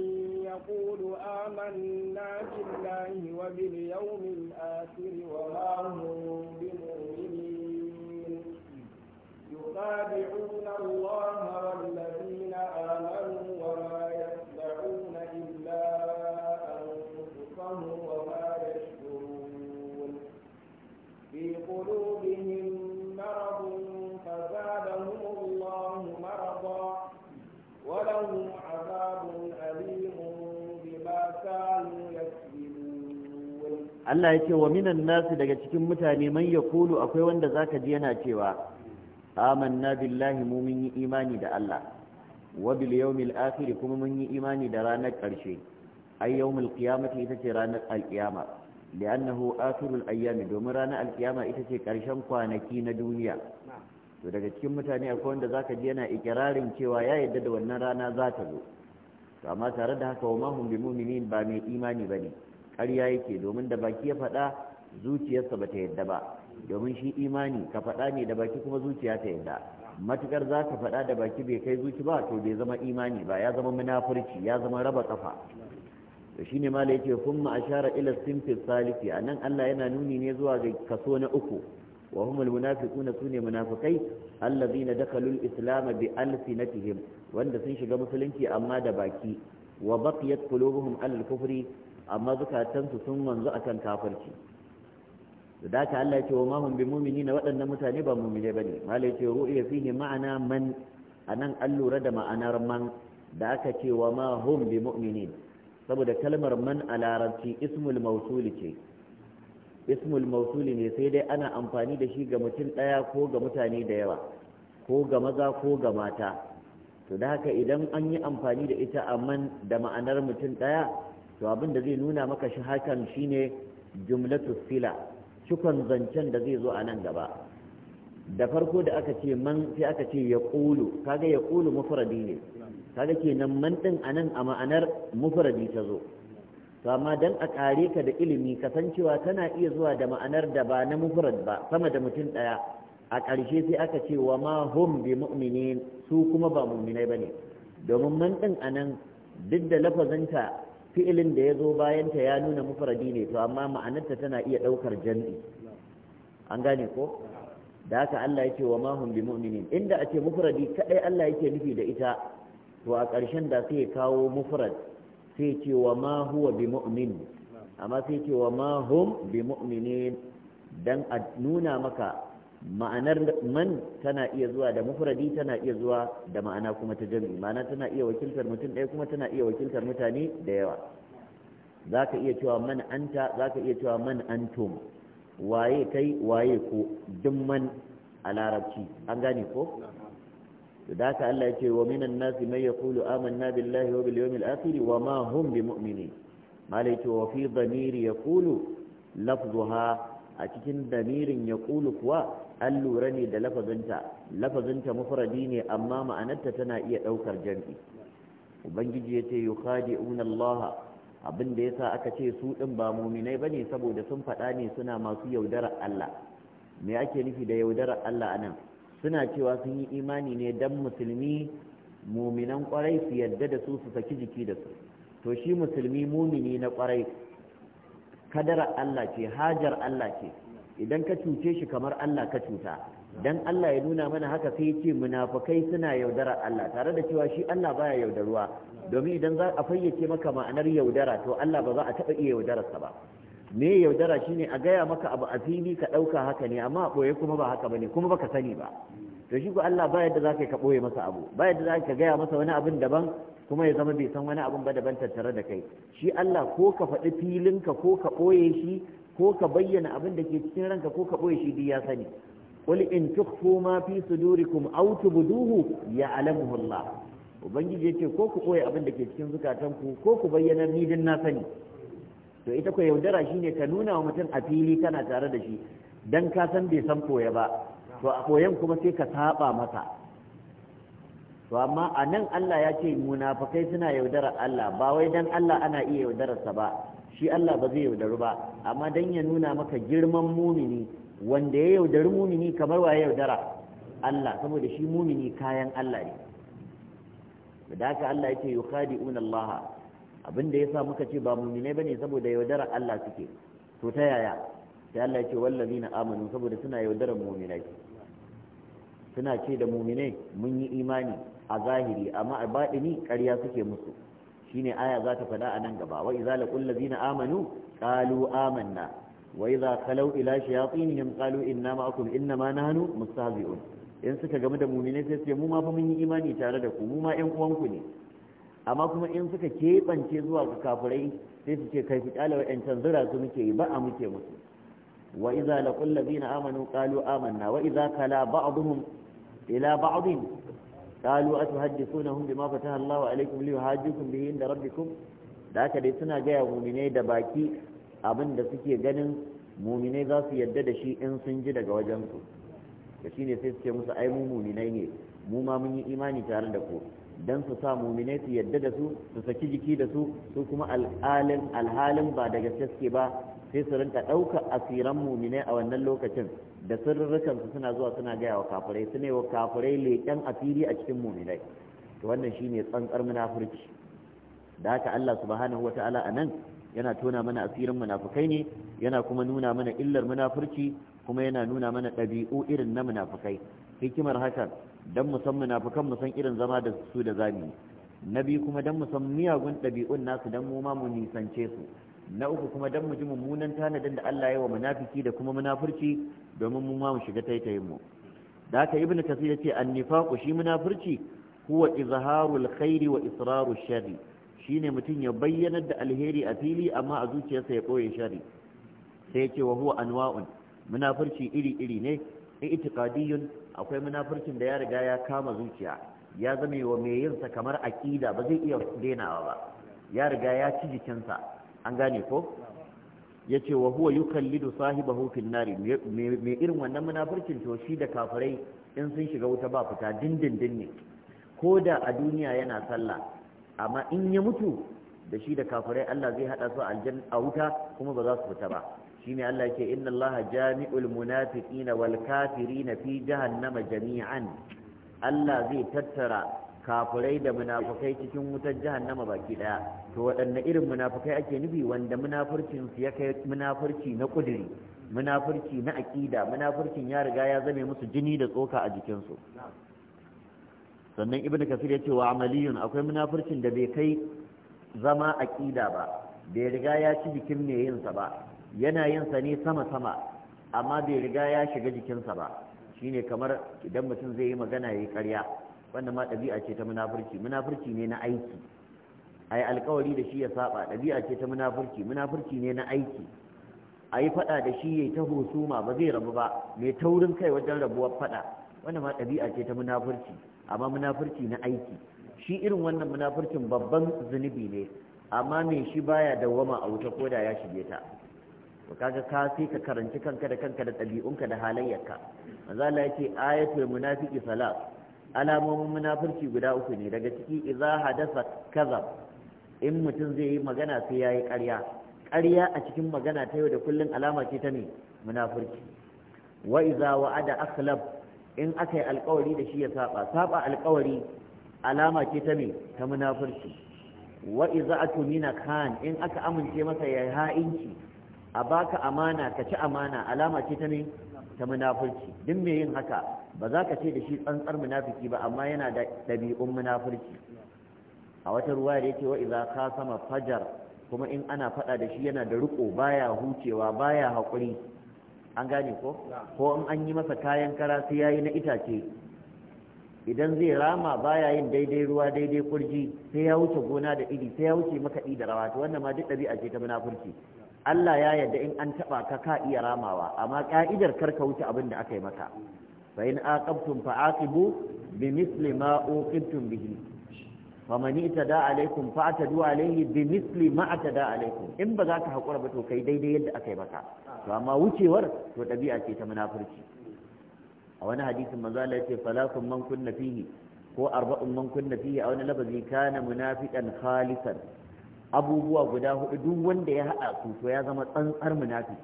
يقول آمنا بالله وباليوم الآخر وما هم بمؤمنين يخادعون الله Allah ya ce wa minan nasu daga cikin mutane man ya kulu akwai wanda za ka ji yana cewa amanna billahi mu mun yi imani da Allah wa bil yawmil akhir kuma mun yi imani da ranar karshe ay yawmil qiyamati ita ce ranar alqiyama li'annahu akhirul ayyam domin ranar alqiyama ita ce karshen kwanaki na duniya to daga cikin mutane akwai wanda za ka ji yana ikirarin cewa ya yadda da wannan rana za ta zo kama amma tare da haka wa mahum bi mu'minin ba mai imani bane ƙarya yake domin da baki ya faɗa zuciyarsa ba ta yadda ba domin shi imani ka faɗa ne da baki kuma zuciya ta yadda matukar za ka faɗa da baki bai kai zuci ba to bai zama imani ba ya zama munafurci ya zama raba kafa to shine ma da yake kuma ashara ila sinfis salisi anan Allah yana nuni ne zuwa ga kaso na uku wa humul munafiquna sune munafikai allazina dakalul islama bi alsinatihim wanda sun shiga musulunci amma da baki wa baqiyat qulubuhum ala alkufri kufuri. amma zukatansu sun wanzu akan kafirci da haka Allah ya ce wa mahum bi na waɗannan mutane ba mu'mine bane malai ya ce ru'ya fihi ma'ana man anan an lura da ma'anar man da aka ce wa ma hum bi mu'minin saboda kalmar man a larabci ismul mausuli ce ismul mausuli ne sai dai ana amfani da shi ga mutum ɗaya ko ga mutane da yawa ko ga maza ko ga mata to da haka idan an yi amfani da ita a man da ma'anar mutum ɗaya to abin da zai nuna maka shi hakan shine jumlatus sila cikon zancen da zai zo a nan gaba da farko da aka ce man sai aka ce ya kaga ya ƙulu mufradi ne kaga kenan man ɗin a nan a ma'anar mufradi ta zo to amma dan a kare ka da ilimi kasancewa tana iya zuwa da ma'anar da ba na mufrad ba sama da mutum ɗaya a ƙarshe sai aka ce wa ma hum bi mu'minin su kuma ba mu'minai bane domin man ɗin a nan duk da lafazanta fi'ilin da ya zo bayanta ya nuna mufradi ne to amma ma'anarta tana iya ɗaukar jam'i an gane ko da haka Allah yake wa mahum bi mu'minin inda a ce mufaradi kadai Allah yake nufi da ita to a ƙarshen da sai ya kawo mufrad sai ce wa ma huwa bi mu'min amma sai ce wa ma hum bi mu'minin dan a nuna maka ma'anar man tana iya zuwa da mufradi tana iya zuwa da ma'ana kuma ta jami'i ma'ana tana iya wakiltar mutum ɗaya kuma tana iya wakiltar mutane da yawa za ka iya cewa man anta za ka iya cewa man antum waye kai waye ko duk man a larabci an gane ko da ka Allah ya ce wa minan nasi mai yaqulu amanna billahi wa bil yawmil akhir wa ma hum mu'minin malai to wa fi dhamiri yaqulu lafzuha a cikin damirin yaqulu kuwa an lura ne da lafazinta lafazinta mufradi ne amma ma'anarta tana iya ɗaukar jam'i ubangiji ya ce yukhadi'un Allah abin da yasa aka ce su din ba muminai bane saboda sun faɗa ne suna masu yaudara Allah me ake nufi da yaudarar Allah anan suna cewa sun yi imani ne dan musulmi muminan kwarai su yadda da su su saki jiki da su to shi musulmi mumini na kwarai Kadarar Allah ce hajar Allah ce idan ka cuce shi kamar Allah ka cuta dan Allah ya nuna mana haka sai ya ce munafikai suna yaudara Allah tare da cewa shi Allah baya yaudaruwa domin idan za a fayyace maka ma'anar yaudara to Allah ba za a taɓa iya yaudararsa ba me yaudara shine a gaya maka abu a fili ka ɗauka haka ne amma a ɓoye kuma ba haka bane kuma baka sani ba to shi ko Allah ba yadda zaka ka ɓoye masa abu ba yadda zaka ka gaya masa wani abin daban kuma ya zama bai san wani abin ba daban tattare da kai shi Allah ko ka faɗi filinka ko ka ɓoye shi ko ka bayyana abin da ke cikin ranka ko ka ɓoye shi duk ya sani qul in tukhfu ma fi sudurikum aw tubduhu ya'lamuhu Allah ubangiji yace ko ku ɓoye abin da ke cikin zukatanku ko ku bayyana ni din na sani to ita ko yaudara shine ka nuna wa mutum a fili kana tare da shi dan ka san bai san koya ba to a koyan kuma sai ka saba masa to amma a nan Allah ya ce munafikai suna yaudarar Allah ba wai dan Allah ana iya yaudararsa ba shi Allah ba zai yaudaru ba amma dan ya nuna maka girman mumini wanda ya yaudari mumini kamar wa yaudara Allah saboda shi mumini kayan Allah ne da haka Allah yake yukhadi'una Allah abinda yasa muka ce ba mumine bane saboda yaudara Allah suke to ta yaya sai Allah yake wallazina amanu saboda suna yaudaran muminai suna ce da mumine mun yi imani a zahiri amma a baɗini ƙarya suke musu shine aya za ta faɗa a nan gaba wa idza laqul ladina amanu qalu amanna wa idza khalaw ila shayatinihim qalu inna ma'akum inna ma nahnu mustahzi'un in suka gamu da mu'mini sai su mu ma fa mun yi imani tare da ku mu ma ƴan uwanku ne amma kuma in suka keɓance zuwa ga kafirai sai su ce kai fi kyale wa ƴancan zura su muke yi ba a muke musu wa idza laqul ladina amanu qalu amanna wa idza kala ba'dhum ila ba'dhin qalu atuhaddithunahum bima fataha Allahu alaikum liyuhajjukum bihi inda rabbikum da aka dai suna gaya muminai da baki abinda da suke ganin muminai za su yadda da shi in sun ji daga wajensu da shi ne sai suke musu ai mu ne mu ma mun yi imani tare da ku don su sa muminai su yadda da su su saki jiki da su su kuma alhalin ba da gaske ba sai su rinka ɗauka asiran muminai a wannan lokacin da sirrukansu suna zuwa suna gaya wa kafirai su ne wa kafirai leƙen asiri a cikin muminai to wannan ne tsantsar munafurci da haka Allah subhanahu wataala a nan yana tona mana asirin munafukai ne yana kuma nuna mana illar munafurci kuma yana nuna mana ɗabi'u irin na munafukai hikimar hakan dan mu san munafukan mu san irin zama da su da zami na biyu kuma dan mu san miyagun ɗabi'un nasu dan mu ma mu nisance su na uku kuma dan mu ji mummunan tanadin da Allah ya wa munafiki da kuma munafurci domin mu ma mu shiga taitayin mu da haka ibn kasir yace annifaqu shi munafurci huwa izharul khairi wa israrul sharri shine mutum ya bayyana da alheri a fili amma a zuciyarsa ya koye Shari. sai yace wa huwa anwa'un munafurci iri iri ne itiqadiyun akwai munafurcin da ya riga ya kama zuciya ya zame wa mai yinsa kamar aqida ba zai iya dainawa ba ya riga ya ci jikinsa an gane ko yace wa huwa yukallidu sahibahu fil nari me irin wannan munafurcin to shi da kafirai in sun shiga wuta ba fita dindindin ne ko da a duniya yana sallah amma in ya mutu da shi da kafirai Allah zai hada su a wuta kuma ba za su fita ba shine Allah yake inna Allah jami'ul munafiqina wal kafirina fi jahannama jami'an Allah zai tattara kafirai da munafukai cikin wutar jahannama baki daya to waɗanne irin munafukai ake nufi wanda munafurcin su ya kai munafurci na kudiri munafurci na aƙida munafurcin ya riga ya zame musu jini da tsoka a jikinsu sannan ibnu kasir ya ce wa amaliyun akwai munafurcin da bai kai zama aƙida ba bai riga ya ci jikin mai yinsa ba yana yinsa ne sama sama amma bai riga ya shiga jikinsa ba shine kamar idan mutum zai yi magana ya yi ƙarya wannan ma ɗabi'a ce ta munafurci munafurci ne na aiki a yi alkawari da shi ya saba ɗabi'a ce ta munafurci munafurci ne na aiki a yi faɗa da shi ya yi ta husuma ba zai rabu ba mai taurin kai wajen rabuwar faɗa wannan ma ɗabi'a ce ta munafurci amma munafurci na aiki shi irin wannan munafurcin babban zunubi ne amma mai shi baya dawwama a wuta ko da ya shige ta to kaga ka sai ka karanci kanka da kanka da ɗabi'unka da halayyarka manzo Allah yace ayatul munafiqi salat alamomin munafurci guda uku ne daga ciki idza hadasa kaza in mutum zai yi magana sai yayi ƙarya ƙarya a cikin magana ta yau da kullun alama ce ta ne munafurci wa idza wa'ada akhlab in aka yi alƙawari da shi ya saba saba alƙawari alama ce ta me ta munafurci wa idza atumina kan in aka amince masa ya ha'inci a baka amana ka ci amana alama ce ta ne ta munafurci duk mai yin haka ba za ka ce da shi tsantsar munafiki ba amma yana da ɗabi'un munafurci a wata ruwa da yake wa ka sama fajar kuma in ana faɗa da shi yana da riko baya hucewa baya haƙuri an gane ko ko in an yi masa kayan kara sai yayi na itace idan zai rama baya yin daidai ruwa daidai kurji sai ya wuce gona da iri sai ya wuce makaɗi da rawa to wannan ma duk ɗabi'a ce ta munafurci Allah ya yarda in an taba ka ka iya ramawa amma ka'idar karka wuce abin da aka yi maka fa in aqabtum fa aqibu bi misli ma uqibtum bihi fa man itada alaikum fa atadu alaihi bi misli ma atada in ba za ka hakura ba to kai daidai yadda aka yi maka to amma wucewar to dabi'a ce ta munafurci a wani hadisin manzo Allah ya ce falatun man kunna fihi ko arba'un man kunna fihi a wani lafazi kana munafiqan khalisan abubuwa guda hudu duk wanda ya haɗa su to ya zama tsantsar munafiki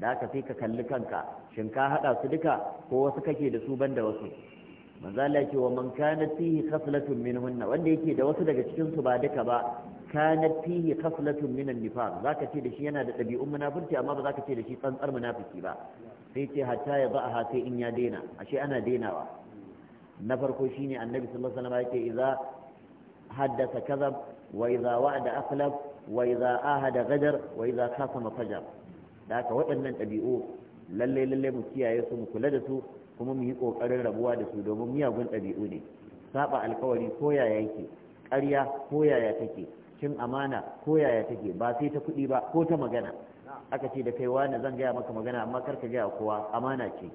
da aka sai ka kalli kanka shin ka haɗa su duka ko wasu kake da su banda wasu manzo Allah ce wa man kanat fihi khaslatun minhunna wanda yake da wasu daga cikin su ba duka ba kanat fihi khaslatun min an-nifaq zaka ce da shi yana da ɗabi'un munafurci amma ba zaka ce da shi tsantsar munafiki ba sai ce hatta ya ba'aha sai in ya daina ashe ana dainawa na farko shine annabi sallallahu alaihi wasallam yake idza haddasa kazab وإذا وعد أخلف وإذا آهد Daka waɗannan ɗabi'u? Lallai-lallai mu kiyaye su, mu kula da su, kuma mu yi ƙoƙarin rabuwa da su domin miyagun ɗabi'u ne Saɓa alkawari koyaya yaya yake ƙarya koyaya take cin amana ko yaya take ba sai ta kuɗi ba ko ta magana aka ce da kai wani zan gaya maka magana amma kar ka gaya kowa amana ce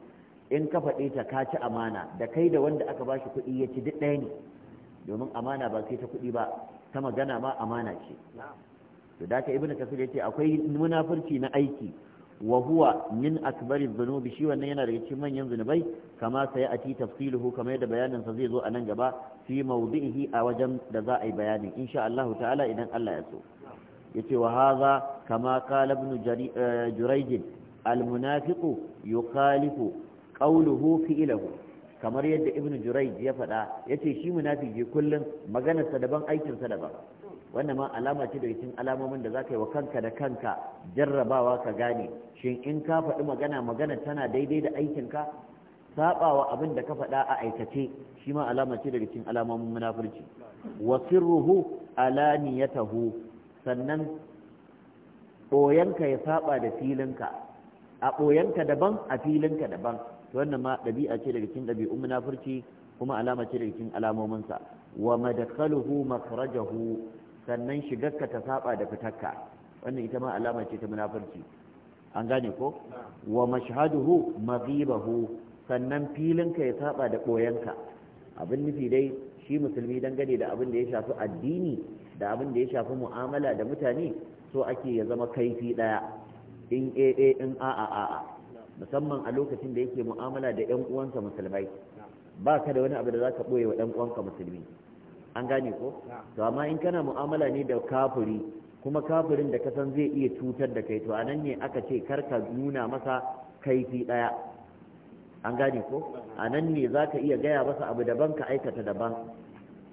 in ka faɗe ta ka ci amana da kai da wanda aka bashi kuɗi ya ci duk ɗaya ne domin amana ba sai ta kuɗi ba ta magana ma amana ce to da ka ibnu kasir yace akwai munafurci na aiki wa huwa min akbari dhunubi shi wannan yana daga cikin manyan zunubai kama sai ati tafsiluhu kama yadda bayanin sa zai zo a nan gaba fi mawdihi a wajen da za a yi bayanin insha Allah ta'ala idan Allah ya so yace wa hadha kama qala ibn eh, jurayd al munafiqu yukhalifu qawluhu fi'luhu kamar yadda ibnu juraij ya faɗa ya ce shi munafiki kullum maganarsa daban aikinsa daban wannan ma alama ce da cikin alamomin da zaka yi wa kanka da kanka jarrabawa ka gane shin in ka faɗi magana magana tana daidai da aikinka sabawa abin da ka faɗa a aikace shi ma alama ce da cikin alamomin munafurci wa sirruhu alaniyatahu sannan boyanka ya saba da filinka a ɓoyanka daban a filinka daban to wannan ma ɗabi'a ce daga cikin ɗabi'un munafurci kuma alama ce daga cikin alamominsa wa madakhaluhu makhrajahu sannan shigarka ta saba da fitarka wannan ita ma alama ce ta munafurci an gane ko wa mashhaduhu maghibahu sannan filinka ya saba da boyanka abin nufi dai shi musulmi dangane da abin da ya shafi addini da abin da ya shafi mu'amala da mutane so ake ya zama kaifi daya in a in a a a musamman a lokacin da yake mu'amala da ƴan uwansa musulmai ba ka da wani abu da za ka ɓoye wa ɗan uwanka musulmi an gane ko to amma in kana mu'amala ne da kafuri, kuma kafirin da ka san zai iya cutar da kai to a nan ne aka ce kar ka nuna masa kaifi ɗaya an gane ko a nan ne za ka iya gaya masa abu daban ka aikata daban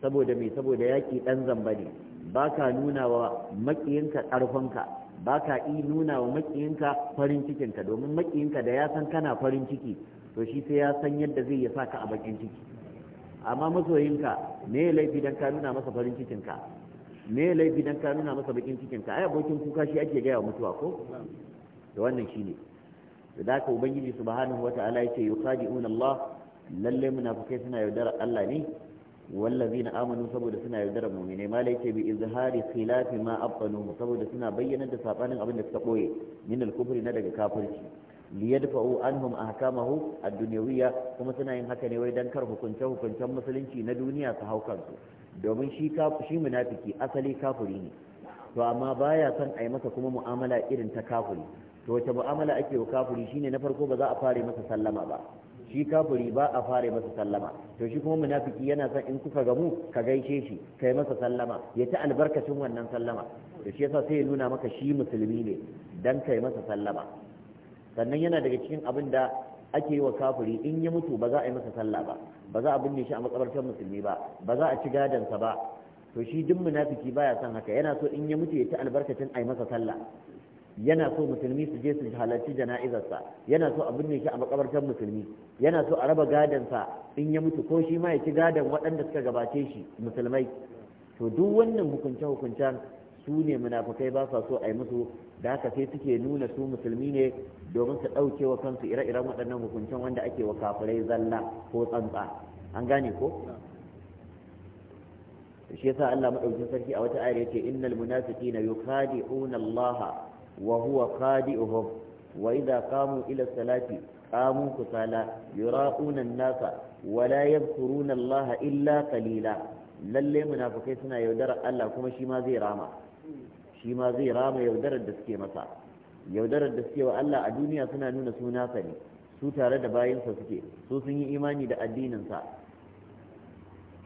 saboda me saboda yaƙi ɗan zamba ne ba ka nuna wa maƙiyinka ƙarfinka ba ka yi nuna wa makiyinka farin cikinka domin makiyinka da ya san kana farin ciki to shi sai ya san yadda zai ya sa ka a bakin ciki amma masoyinka me laifi dan ka nuna masa farin cikinka me laifi dan ka nuna masa bakin cikinka ai abokin kuka shi ake gaya mutuwa ko da wannan shine da haka ubangiji subhanahu wata'ala ce yuqadi'una Allah lalle munafikai suna yaudara Allah ne wallazi na amanu saboda suna yardar mu'mine malai ce bi izhari khilafi ma abanu saboda suna bayyana da sabanin abin da suka boye min al-kufri na daga kafirci liyadfa'u anhum ahkamahu ad-dunyawiyya kuma suna yin haka ne wai dan kar hukunce hukuncen musulunci na duniya su hau domin shi shi munafiki asali kafuri ne to amma baya son a yi masa kuma mu'amala irin ta kafuri to wace mu'amala ake wa kafuri shine na farko ba za a fare masa sallama ba shi kafiri ba a fara masa sallama to shi kuma munafiki yana son in kuka gamu ka gaishe shi kai masa sallama ya ta albarkacin wannan sallama to shi yasa sai ya nuna maka shi musulmi ne dan kai masa sallama sannan yana daga cikin abin da ake yi wa kafiri in ya mutu ba za a yi masa sallah ba ba za a binne shi a makabartar musulmi ba ba za a ci gadansa ba to shi duk munafiki baya son haka yana so in ya mutu ya ta albarkacin yi masa sallah yana so musulmi su je su halarci jana'izarsa yana so a binne shi a makabartar musulmi yana so a raba gadansa in ya mutu ko shi ma ya ci gadan waɗanda suka gabace shi musulmai to duk wannan hukunce hukuncen su ne munafukai ba sa so a yi musu da haka sai suke nuna su musulmi ne domin su ɗauke wa kansu ire-iren waɗannan hukuncen wanda ake wa kafirai zalla ko tsantsa an gane ko shi yasa Allah madaukakin sarki a wata ayar yace innal munafiqina yukhadi'una Allah وهو خادئهم وإذا قاموا إلى الصلاة قاموا كسالى يراؤون الناس ولا يذكرون الله إلا قليلا lalle munafikai suna yaudarar Allah kuma shi zai rama shi zai rama yaudarar da suke masa yaudarar da suke wa Allah a duniya suna nuna suna sa ne su tare da bayansa suke su sun yi imani da addininsa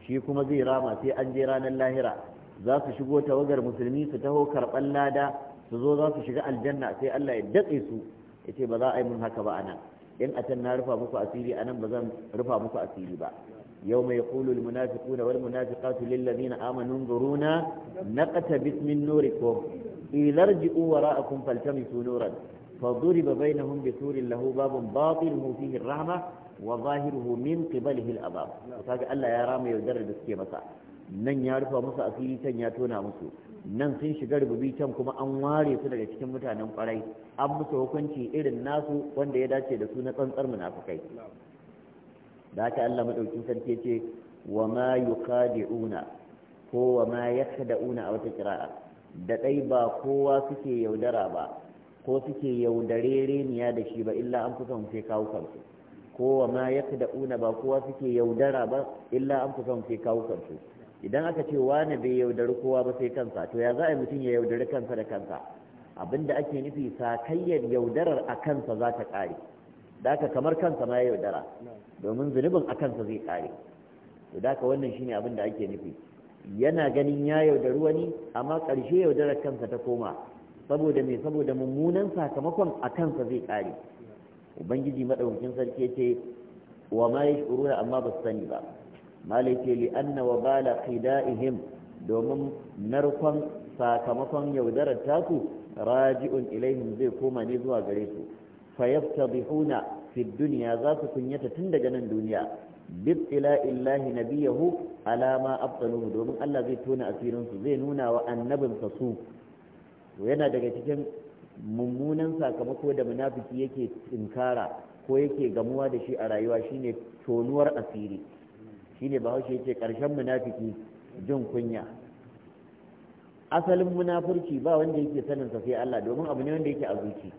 shi kuma zai rama sai an je ranar lahira za su shigo tawagar musulmi su taho karɓar lada su zo za su shiga aljanna sai Allah ya datse su ya ce ba za a yi mun haka ba a nan in a can na rufa muku asiri a nan ba zan rufa muku asiri ba yau mai kulu munafiquna wal munafiqatu lil ladina amanu nuruna naqtabis min nurikum ilarji'u na faltamisu nuran فضرب بينهم بسور له باب باطنه فيه الرحمة وظاهره من قبله allah ya rama يا da suke السكيمة nan ya rufa musu asiri can ya tona musu nan sun shiga rububi can kuma an ware su daga cikin mutanen kwarai an musu hukunci irin nasu wanda ya dace da su na tsantsar munafukai da haka Allah madaukin sarki ce wa ma yuqadi'una ko wa ma yakhda'una a wata kira'a da dai ba kowa suke yaudara ba ko suke yaudare reniya da shi ba illa an kusa sai kawo kansu ko wa ma yakhda'una ba kowa suke yaudara ba illa an kusa sai kawo kansu idan aka ce wani bai yaudari kowa ba sai kansa to ya za a yi mutum ya yaudari kansa da kansa abinda ake nufi sakayyar yaudarar a kansa za ta ƙare da aka kamar kansa ma ya yaudara domin zunubin a kansa zai ƙare to da aka wannan shine abinda ake nufi yana ganin ya yaudari wani amma ƙarshe yaudarar kansa ta koma saboda me saboda mummunan sakamakon a kansa zai ƙare ubangiji maɗaukin sarki ya ce wa ma ya shi yashuruna amma ba su sani ba malike li anna wa bala qida'ihim domin narkon sakamakon yaudarar taku raji'un ilaihim zai koma ne zuwa gare su fayaftabihuna fi dunya za su kunyata tun daga nan duniya bit ila illahi nabiyahu alama abtaluhu domin Allah zai tona asirin su zai nuna wa sa su yana daga cikin mummunan sakamako da munafiki yake tinkara ko yake gamuwa da shi a rayuwa shine tonuwar asiri shine bahaushe ce karshen munafiki jin kunya asalin munafurci ba wanda yake sanin sa sai Allah domin abu ne wanda yake a zuci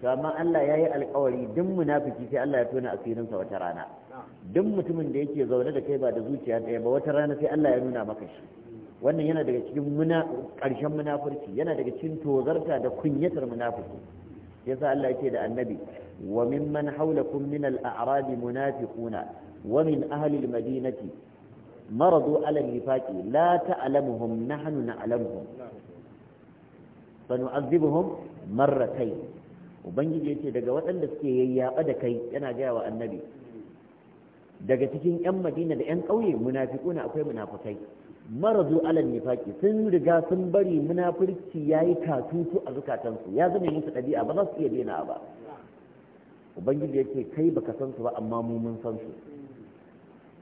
to amma Allah ya yi alkawari duk munafiki sai Allah ya tona asirinsa sa wata rana duk mutumin da yake zaune da kai ba da zuciya ɗaya ba wata rana sai Allah ya nuna maka shi wannan yana daga cikin muna ƙarshen munafurci yana daga cikin tozarta da kunyatar munafiki yasa Allah yake da annabi wa mimman haulakum min al-a'rab munafiquna ومن أهل المدينة مرضوا على النفاق لا تعلمهم نحن نعلمهم فنعذبهم مرتين ubangiji yace daga waɗanda suke yayyaba da kai yana gaya wa annabi daga cikin 'yan madina da 'yan ƙauye munafiquna akwai munafikai marazu alal nifaqi sun riga sun bari munafurci yayi tatutu a zukatansu ya zama musu ɗabi'a ba za su iya daina ba ubangiji yace kai baka san su ba amma mu mun san su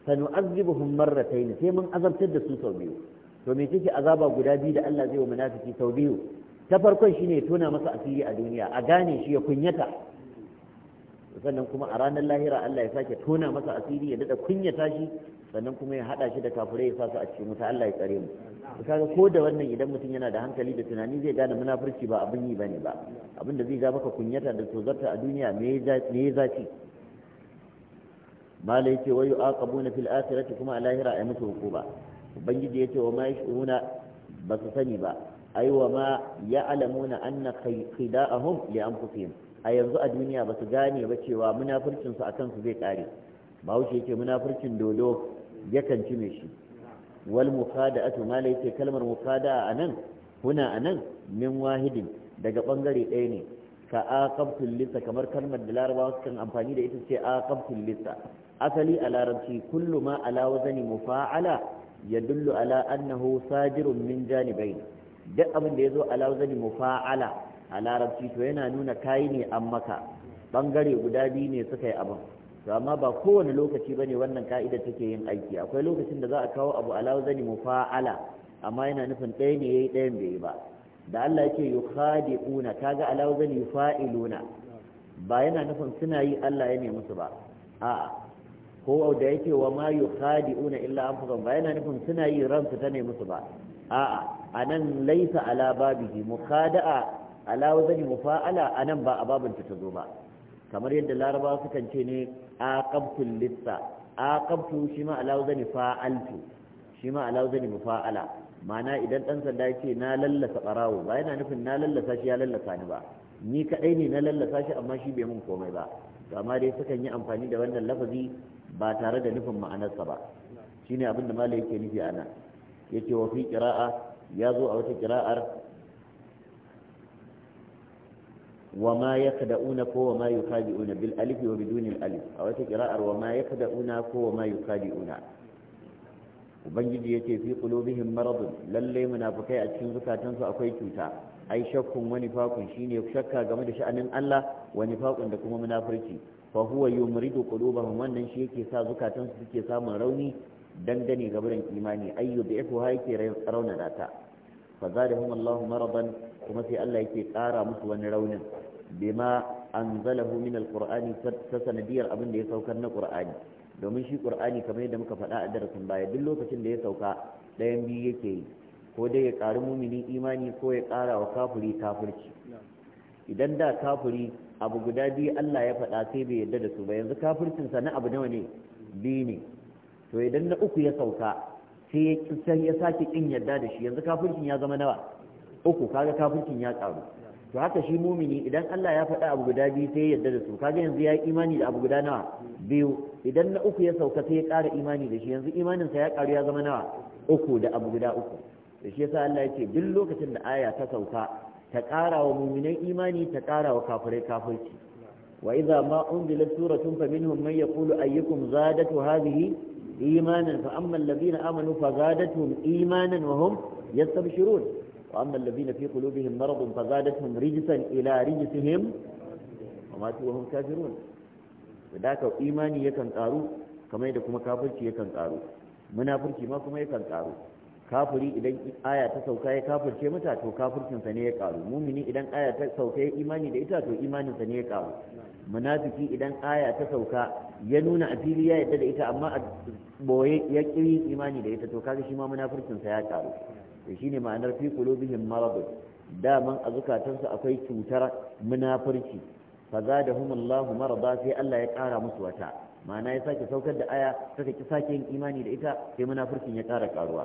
sanu'azzibuhum marratayn sai mun azabtar da su sau biyu to me kike azaba guda biyu da Allah zai wa munafiki sau biyu ta farkon shine tona masa asiri a duniya a gane shi ya kunyata sannan kuma a ranar lahira Allah ya sake tona masa asiri ya dada kunyata shi sannan kuma ya hada shi da kafirai ya sa su a cikin wuta Allah ya tsare mu kaga ko da wannan idan mutum yana da hankali da tunani zai gane munafurci ba abin yi bane ba abin da zai ga maka kunyata da tozarta a duniya me ya zaci mala yace wa yu'aqabuna fil akhirati kuma lahira ay musu hukuma ubangiji yace wa ma yashuruna ba su sani ba ai wa ma ya'lamuna anna khida'ahum li anfusihim a yanzu a duniya ba su gane ba cewa munafurcin su akan su zai kare bahaushe yake munafircin dodo yakan ci shi wal mukada'atu mala yace kalmar mukada'a anan huna anan min wahidin daga bangare ɗaya ne ka kaftin lissa kamar kalmar da larabawa sukan amfani da ita ce kaftin lissa asali a larabci kullu ma ala wazani mufa'ala yadullu ala annahu sajirun min janibain duk abin da yazo ala wazani mufa'ala a larabci to yana nuna kai ne an maka bangare guda biyu ne suka yi abin to amma ba kowane lokaci bane wannan ka'idar take yin aiki akwai lokacin da za a kawo abu ala wazani mufa'ala amma yana nufin ɗaya ne yayi ɗayan bai yi ba da Allah yake yukhadi'una kaga ala wazani fa'iluna ba yana nufin suna yi Allah ya ne musu ba a'a ko da yake wa ma na illa anfusahum ba yana nufin suna yi ransu ta ne musu ba a'a nan laysa ala babihi mukhada'a ala wazani a anan ba a babin ta zo ba kamar yadda laraba sukan ce ne aqabtul lissa aqabtu shi ma ala wazani fa'altu shi ma ala wazani fa'ala. ma'ana idan dan sanda ce na lallasa barawo ba yana nufin na lallasa shi ya lallasa ni ba ni kadai ne na lallasa shi amma shi bai mun komai ba to amma dai sukan yi amfani da wannan lafazi ba tare da nufin ma'anarsa ba Shi ne abinda malai yake nufi ana ce wa fi kira'a? ya zo a wata kira'ar wa ma yakda'una ko wa ma yukhadi'una bil alif wa biduni al alif a wata kira'ar wa ma yakda'una ko wa ma yukhadi'una ubangiji ya yace fi qulubihim maradun lalle munafikai a cikin zukatansu akwai cuta ai shakkun wani fakun shine shakka game da sha'anin Allah wani fakun da kuma munafurci fa huwa yumridu qulubahum wannan shi yake sa zukatan su suke samun rauni dangane ga burin imani ayyu bi'fu ha yake rauna data fa da Allah maradan kuma sai Allah yake kara musu wani raunin bima anzalahu min alqur'ani ta sanadiyar abin da ya saukar na qur'ani domin shi qur'ani kamar yadda muka faɗa a darasin baya duk lokacin da ya sauka ɗayan biyu yake yi ko dai ya ƙari mumini imani ko ya ƙara wa kafuri kafirci idan da kafuri abu guda biyu Allah ya faɗa sai bai yarda da su ba yanzu kafircin sa na abu nawa ne biyu ne to idan na uku ya sauka sai ya sake kin yarda da shi yanzu kafircin ya zama nawa uku kaga kafircin ya karu to haka shi mumini idan Allah ya faɗa abu guda biyu sai ya yarda da su kaga yanzu ya yi imani da abu guda nawa biyu idan na uku ya sauka sai ya ƙara imani da shi yanzu imanin sa ya karu ya zama nawa uku da abu guda uku da shi yasa Allah ya ce duk lokacin da aya ta sauka ta ƙara wa muminan imani ta ƙara wa kafirai kafirci wa idza ma unzilat suratun fa minhum man yaqulu ayyukum zadatu hadhihi imanan fa amma alladhina amanu fa zadatuhum imanan wa hum yastabshirun wa amma alladhina fi qulubihim maradun fa zadatuhum rijsan ila rijsihim wa matu wa hum kafirun da haka imani yakan karu kamar da kuma kafirci yakan karu munafurci ma kuma yakan karu kafiri idan aya ta sauka ya kafirce mata to kafircinsa ne ya karu mumini idan aya ta sauka ya imani da ita to imaninsa ne ya karu munafiki idan aya ta sauka ya nuna a fili ya yadda da ita amma a boye ya kiri imani da ita to kaga shi ma munafircinsa ya karu to shine ma'anar fi qulubihim marad daman a zukatansu akwai cutar munafirci fa zadahumullahu marada sai Allah ya kara musu wata ma'ana ya sake saukar da aya saka ki sake yin imani da ita sai munafurcin ya ƙara ƙaruwa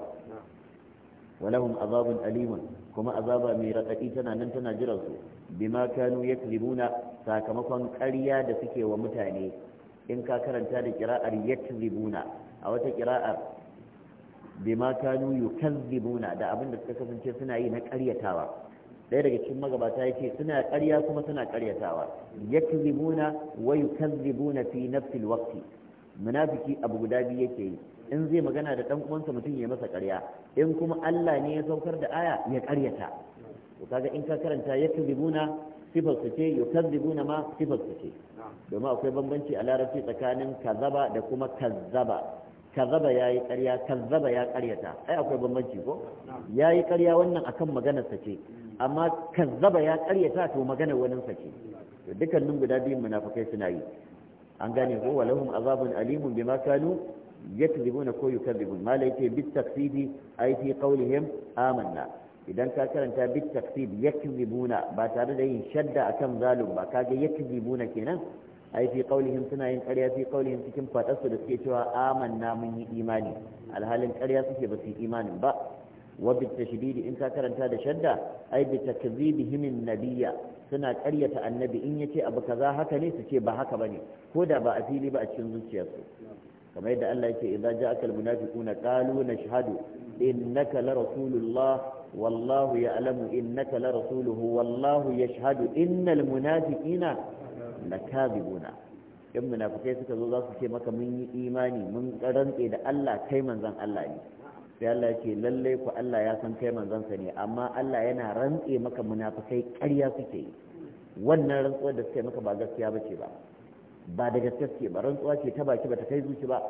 walahum azabun alimun kuma azaba mai raɗaɗi tana nan tana jiran su bima kanu yaklibuna sakamakon ƙarya da suke wa mutane in ka karanta da kira'ar yaklibuna a wata kira'ar bima kanu yukazzibuna da abin da suka kasance suna yi na ƙaryatawa ɗaya daga cikin magabata yake suna ƙarya kuma suna ƙaryatawa yakzibuna wa yukazibuna fi nafsil waqti munafiki abu guda biyu yake yi in zai magana da ɗan uwansa mutum ya masa ƙarya in kuma Allah ne ya saukar da aya ya ƙaryata to kaga in ka karanta yakzibuna sifar su ce ma sifar su ce domin akwai bambanci a larabci tsakanin kazaba da kuma kazzaba kazaba ya yi ƙarya kazzaba ya ƙaryata ai akwai bambanci ko ya yi ƙarya wannan akan maganarsa ce amma kazzaba ya karyata to maganar wannan sa ce to dukkanin guda biyun munafikai suna yi an gane ko walahum azabun alimun bima kanu yakzibuna ko yukadzibun mala yake bit taksidi ay fi qawlihim amanna idan ka karanta bit taksib yakzibuna ba tare da yin shadda akan zalum ba kaga yakzibuna kenan ai fi qaulihim suna yin karya fi qaulihim cikin fadarsu da suke cewa amanna mun yi imani alhalin karya suke ba su yi imanin ba wa bi tashdidi in ka karanta da shadda ai bi takzibihim nabiyya suna karyata annabi in ya ce abu kaza haka ne su ce ba haka bane ko da ba a fili ba a cikin zuciyarsu kamar yadda Allah yake idza ja'aka almunafiquna qalu nashhadu innaka la rasulullah والله يعلم إنك لرسوله والله يشهد إن المنافقين لكاذبون in munafikai suka zo zasu ce maka mun yi imani mun rantse da Allah kai manzon Allah ne sai Allah ce lallai ku Allah ya san kai manzansa ne amma Allah yana rantse maka munafikai ƙarya suke yi wannan rantsuwar da suke maka ba gaskiya ce ba ba da gaskiya suke ba rantsuwa ce ta baki bata kai zuci ba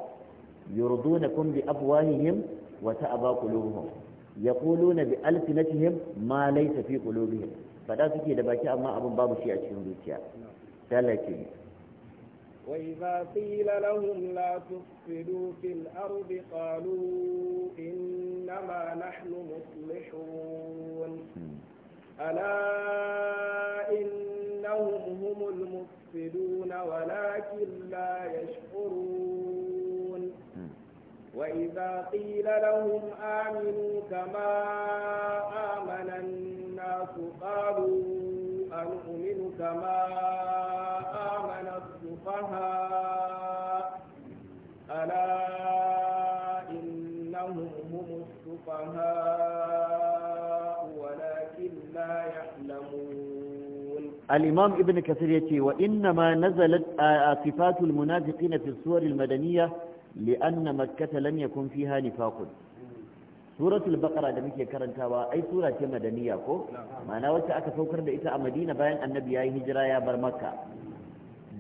yurdunakum bi afwahihim wa ta'aba qulubuhum yaquluna bi alsinatihim ma laysa fi qulubihim fada suke da baki amma abin babu shi a cikin zuciya sai Allah وإذا قيل لهم لا تفسدوا في الأرض قالوا إنما نحن مصلحون ألا إنهم هم المفسدون ولكن لا يشكرون وإذا قيل لهم آمنوا كما آمن الناس قالوا أنؤمن كما آمن السفهاء ألا إنهم هم السفهاء ولكن لا يعلمون الإمام ابن كثير وإنما نزلت صفات المنافقين في السور المدنية li'anna makkata lam yakun fiha nifaqun suratul baqara da muke karantawa ai sura ce madaniya ko ma'ana wacce aka saukar da ita a madina bayan annabi yayi hijira ya bar makka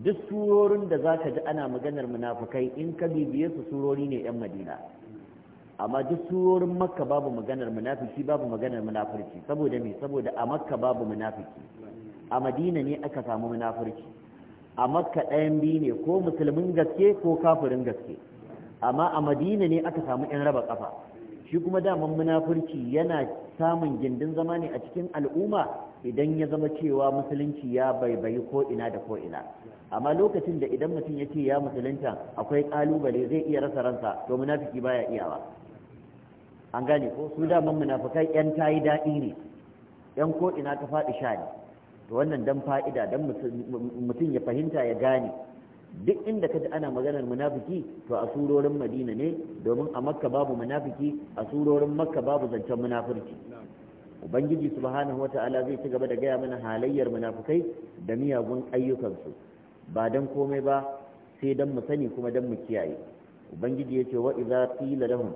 duk surorin da zaka ji ana maganar munafikai in ka bibiye su surori ne yan madina amma duk surorin makka babu maganar munafiki babu maganar munafurci saboda me saboda a makka babu munafiki a madina ne aka samu munafurci a makka ɗayan biyu ne ko musulmin gaske ko kafirin gaske amma a madina ne aka samu yan raba kafa shi kuma daman munafurci yana samun gindin zama ne a cikin al'umma idan ya zama cewa musulunci ya baibayi ko ina da ko ina amma lokacin da idan mutum ya ce ya musulunta akwai kalubale zai iya rasa ransa to munafiki baya iyawa an gane ko su daman munafikai yan tayi daɗi ne yan ko ina ta faɗi sha ne to wannan dan fa'ida dan mutum ya fahimta ya gane duk inda ka ana maganar munafiki to a surorin madina ne domin a makka babu munafiki a surorin makka babu zancen munafurci ubangiji subhanahu wata'ala zai ci gaba da gaya mana halayyar munafukai da miyagun ayyukansu ba don komai ba sai don mu sani kuma don mu kiyaye ubangiji ya ce wa iza qila lahum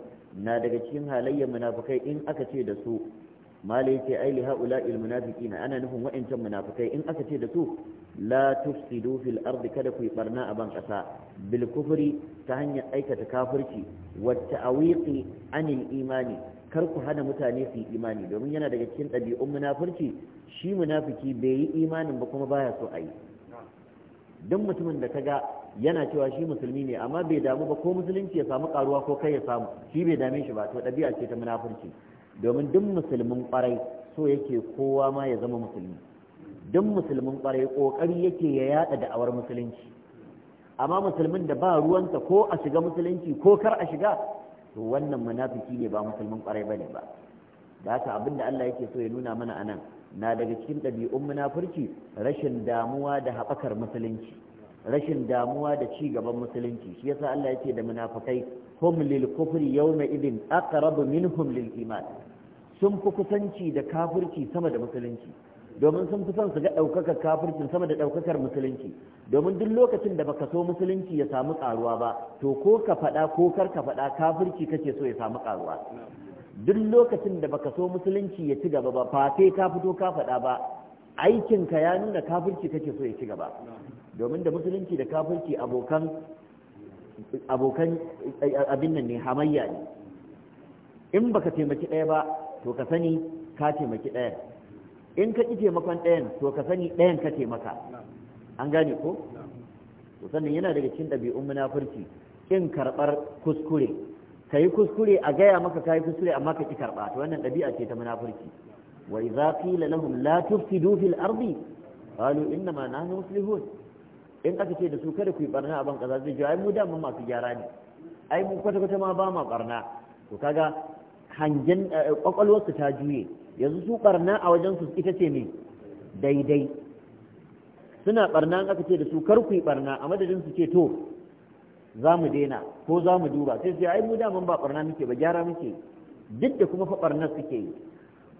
na daga cikin halayyar munafukai in aka ce da su malai ce ai li haula'il munafiqina ana nufin wa'ancan munafukai in aka ce da su la tufsidu fil ardi kada kuyi yi barna a ban kasa bil kufri ta hanyar aikata kafirci wa ta'awiqi anil imani kar ku hana mutane su yi imani domin yana daga cikin ɗabi'un munafurci shi munafiki bai yi imanin ba kuma baya so a yi duk mutumin da kaga yana cewa shi musulmi ne amma bai damu ba ko musulunci ya samu karuwa ko kai ya samu shi bai dame shi ba to ɗabi'a ce ta munafurci domin duk musulmin kwarai so yake kowa ma ya zama musulmi duk musulmin kwarai kokari yake ya yada da'awar musulunci amma musulmin da ba ruwansa ko a shiga musulunci ko kar a shiga to wannan munafiki ne ba musulmin kwarai bane ba da haka abin da Allah yake so ya nuna mana anan na daga cikin ɗabi'un munafurci rashin damuwa da haɓakar musulunci rashin damuwa da ci gaban musulunci shi yasa Allah yake da munafikai hum lil kufri yawma idin aqrabu minhum lil iman sun fi kusanci da kafirci sama da musulunci domin sun fi son su ga ɗaukakar kafircin sama da ɗaukakar musulunci domin duk lokacin da baka so musulunci ya samu ƙaruwa ba to ko ka faɗa ko kar ka faɗa kafirci kake so ya samu ƙaruwa duk lokacin da baka so musulunci ya ci gaba ba fa sai ka fito ka faɗa ba aikinka ya nuna kafirci kake so ya ci gaba domin da musulunci da kafirci abokan abokan abin nan ne hamayya ne in baka taimaki ɗaya ba to ka sani ka taimaki ɗaya in ka ƙi taimakon ɗayan to ka sani ɗayan ka taimaka an gane ko to sannan yana daga cikin ɗabi'un munafurci kin karɓar kuskure ka yi kuskure a gaya maka ka yi kuskure amma ka ƙi karɓa to wannan ɗabi'a ce ta munafurci wa idza qila lahum la tufsidu fil ardi qalu inna ma nahnu muslihun in aka ce da su kada ku yi barna a banka za su ji ai mu da masu gyara ne ai mu kwata kwata ma ba ma barna to kaga hangen kwakwalwarsu eh, ta juye yanzu su barna a wajen su ita ce mai daidai suna barna an aka ce da su kar ku yi barna a madadin su ce to za mu daina ko za mu duba sai sai ai mu da ba ɓarna muke ba gyara muke duk da kuma fa suke yi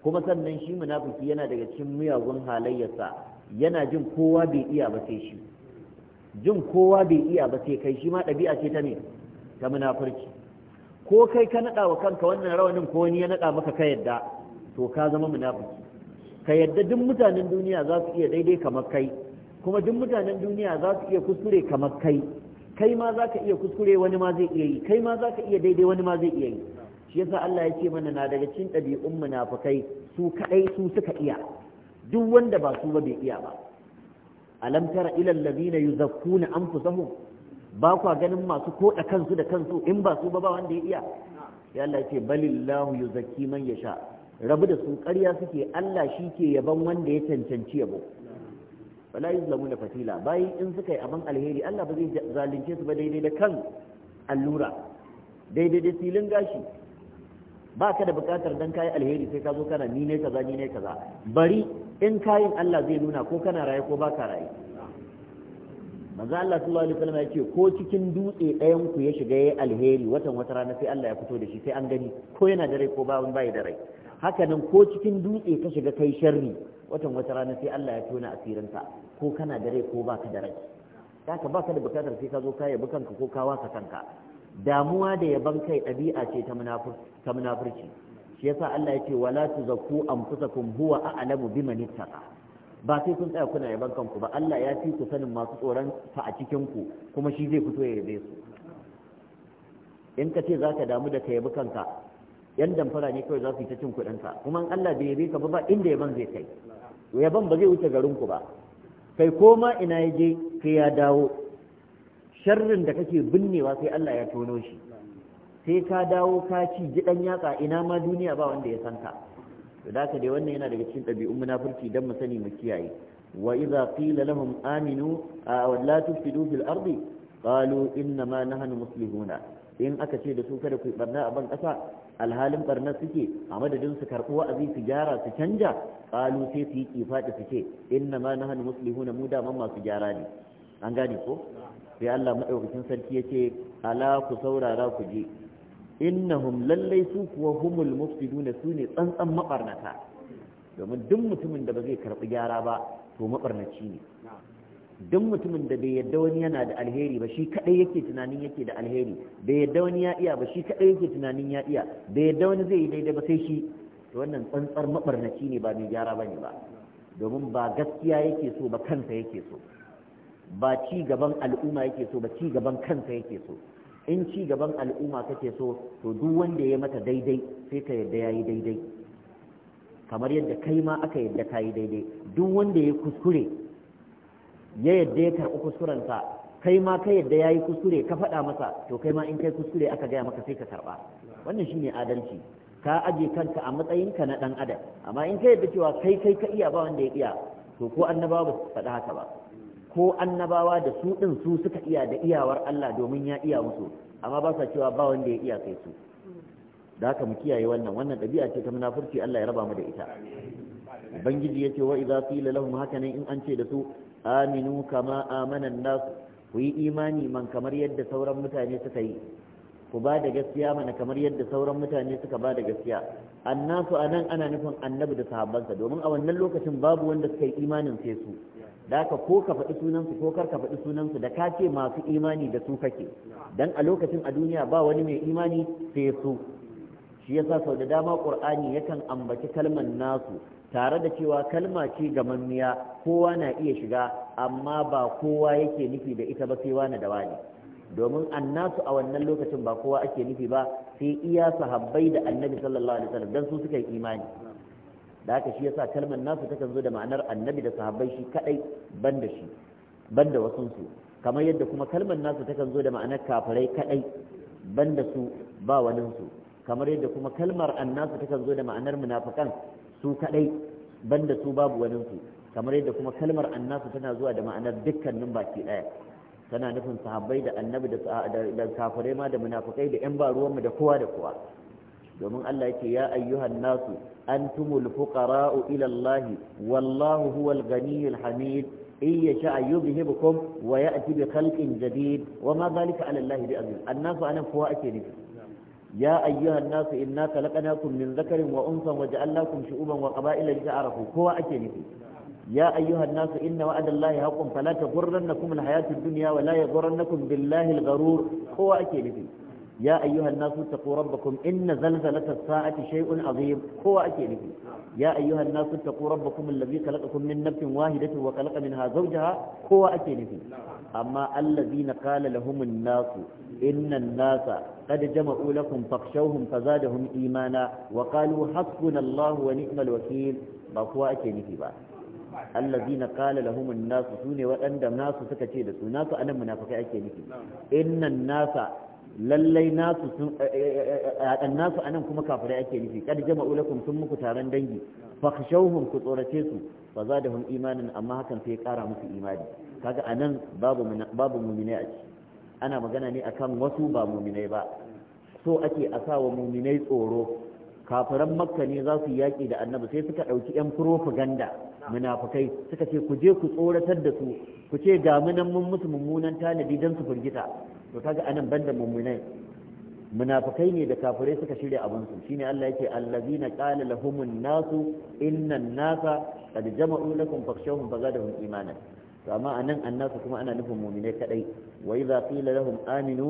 kuma sannan shi munafiki yana daga cikin miyagun halayyarsa yana jin kowa bai iya ba sai shi jin kowa bai iya ba sai kai shi ma ɗabi'a ce ta ne ta munafurci ko kai ka naɗa wa kanka wannan rawanin ko wani ya naɗa maka ka yadda to ka zama munafiki ka yadda duk mutanen duniya za su iya daidai kamar kai kuma duk mutanen duniya za su iya kuskure kamar kai kai ma za ka iya kuskure wani ma zai iya yi kai ma za ka iya daidai wani ma zai iya yi shi yasa Allah ya ce mana na daga cikin ɗabi'un munafukai su kaɗai su suka iya duk wanda ba su ba bai iya ba alam tara ila allazina yuzakkuna anfusahum ba kwa ganin masu koda kansu da kansu in ba su ba ba wanda ya iya ya Allah ya ce balillahu yuzakki man yasha rabu da su ƙarya suke Allah shi ke yaban wanda ya cancanci yabo wala yuzlamu na fatila bayan in suka yi abin alheri Allah ba zai zalunce su ba daidai da kan allura daidai da silin gashi ba ka da bukatar dan kayi alheri sai ka zo kana ni ne kaza ni ne kaza bari in kayin Allah zai nuna ko kana raye ko ba ka raye manzo Allah sallallahu alaihi wasallam ya ce ko cikin dutse ɗayan ku ya shiga yayi alheri watan wata rana sai Allah ya fito da shi sai an gani ko yana da rai ko ba bai da rai haka nan ko cikin dutse ka shiga kai sharri watan wata rana sai Allah ya tona asirinka ko kana da rai ko baka da rai haka baka da bukatar sai ka zo ka yabi kanka ko ka waka kanka damuwa da yaban kai ɗabi'a ce ta munafur ta munafurci shi yasa Allah ya ce wala tuzakku anfusakum huwa a'lamu biman ittaqa ba sai kun tsaya kuna yaban kanku ba Allah ya fi ku sanin masu tsoron fa a cikin ku kuma shi zai fito ya yabe su in ka ce zaka damu da ka yabi kanka yan damfara ne kawai za su yi ta cin kuɗinka kuma in Allah bai yabe ka ba ba inda yaban zai kai yaban ba zai wuce garin ku ba kai koma ina ya je kai ya dawo sharrin da kake binnewa sai Allah ya tono shi sai ka dawo ka ci gidan yaka ina ma duniya ba wanda ya san ka to da ka dai wannan yana daga cikin ɗabi'un munafurci dan mu sani mu kiyaye wa idza qila lahum aminu aw la tufsidu fil ardi qalu inna ma nahnu muslimuna in aka ce da su kada ku barna a ban kasa alhalin barna suke a madadin su karɓi wa'azi su gyara su canja ƙalu sai su yi kifaɗi su ce inna ma na hannu musulihuna mu daman masu gyara ne an gane ko sai Allah maɗaukakin sarki ya ce ala ku saurara ku je innahum lallai su kuwa humul mufsiduna su ne tsantsan maɓarnata domin duk mutumin da ba zai karɓi gyara ba to maɓarnaci ne duk mutumin da bai yadda wani yana da alheri ba shi kadai yake tunanin yake da alheri bai yadda wani ya iya ba shi kadai yake tunanin ya iya bai yadda wani zai yi daidai ba sai shi To wannan tsantsar mabarnaci ne ba mai gyara bane ba domin ba gaskiya yake so ba kansa yake so ba ci gaban al'umma yake so ba ci gaban kansa yake so in ci gaban al'umma kake so to duk wanda ya mata daidai sai ka yadda yayi daidai kamar yadda kai ma aka yadda kayi daidai duk wanda ya kuskure ya yadda ya karɓi kuskurensa kai ma ka yadda ya yi kuskure ka faɗa masa to kai ma in kai kuskure aka gaya maka sai ka karɓa wannan shine adalci ka aje kanka a matsayinka na ɗan adam amma in ka yadda cewa kai kai ka iya ba wanda ya iya to ko annabawa ba su faɗi haka ba ko annabawa da su ɗin su suka iya da iyawar Allah domin ya iya musu amma ba sa cewa ba wanda ya iya kai su da haka mu kiyaye wannan wannan ɗabi'a ce ta munafurci Allah ya raba mu da ita ubangiji yace wa idza qila lahum nan in an ce da su aminu kama amanan nasu ku yi imani man kamar yadda sauran mutane suka yi ku ba da gaskiya mana kamar yadda sauran mutane suka ba da gaskiya annasu anan ana nufin annabi da sahabbansa domin a wannan lokacin babu wanda suka yi imanin sai su da ka ko ka faɗi sunansu ko kar ka faɗi sunansu da ka ce masu imani da su kake dan a lokacin a duniya ba wani mai imani sai su shi sa sau da dama ƙur'ani yakan ambaci kalmar nasu tare da cewa kalma ce ga gamammiya kowa na iya shiga amma ba kowa yake nufi da ita ba sai wani da wani domin annasu a wannan lokacin ba kowa ake nufi ba sai iya sahabbai da annabi sallallahu alaihi wasallam dan su suka yi imani da haka shi yasa kalmar nasu takan zo da ma'anar annabi da sahabbai shi kadai banda shi banda su, kamar yadda kuma kalmar nasu takan zo da ma'anar kafirai kadai banda su ba waninsu su kamar yadda kuma kalmar annasu takan zo da ma'anar munafikan su kadai banda su babu wani su kamar yadda kuma kalmar annasu tana zuwa da ma'anar dukkanin baki daya tana nufin sahabbai da annabi da kafirai ma da munafikai da yan baruwanmu da kowa da kowa domin Allah yake ya ayyuhan nasu antumul fuqara'u ila Allah wallahu huwal ghaniyyul hamid إن يشاء يذهبكم wa ma جديد وما ذلك bi الله Annasu anan kowa ake nufi? يا أيها الناس إنا خلقناكم من ذكر وأنثى وجعلناكم شعوبا وقبائل لتعارفوا هو أكيد يا أيها الناس إن وعد الله حق فلا تغرنكم الحياة الدنيا ولا يغرنكم بالله الغرور هو أكيد يا أيها الناس اتقوا ربكم إن زلزلة الساعة شيء عظيم هو أكيد يا أيها الناس اتقوا ربكم الذي خلقكم من نفس واحدة وخلق منها زوجها هو أكيد amma allazi na kala lahumun nasu innan nasa kad jama'u lakum fakshawhum fazadahum imana wa qalu hasbuna Allah wa ni'mal wakil ba kuwa ake nufi ba allazi na kala lahumun nasu sune waɗanda nasu suka ce da nasu anan munafikai ake nufi innan nasa lallai nasu sun a nasu anan kuma kafirai ake nufi kad jama'u sun muku taron dangi fakhshawhum ku tsorace su fa zadahum imanin amma hakan sai ya kara musu imani kaga anan babu babu mu'minai a ciki ana magana ne akan wasu ba mu'minai ba so ake a sa wa mu'minai tsoro kafiran makka ne za su yaƙi da annabi sai suka ɗauki 'yan furofaganda munafukai suka ce ku je ku tsoratar da su ku ce ga munan mun musu mummunan tanadi don su firgita to kaga anan banda mummunai munafikai ne da kafirai suka shirya abinsu shine Allah yake allazina qala lahumun nasu innan nasa qad jama'u lakum fakhshawhum fazadahum imanan to amma anan annasu kuma ana nufin mu'minai kadai wa idza qila lahum aminu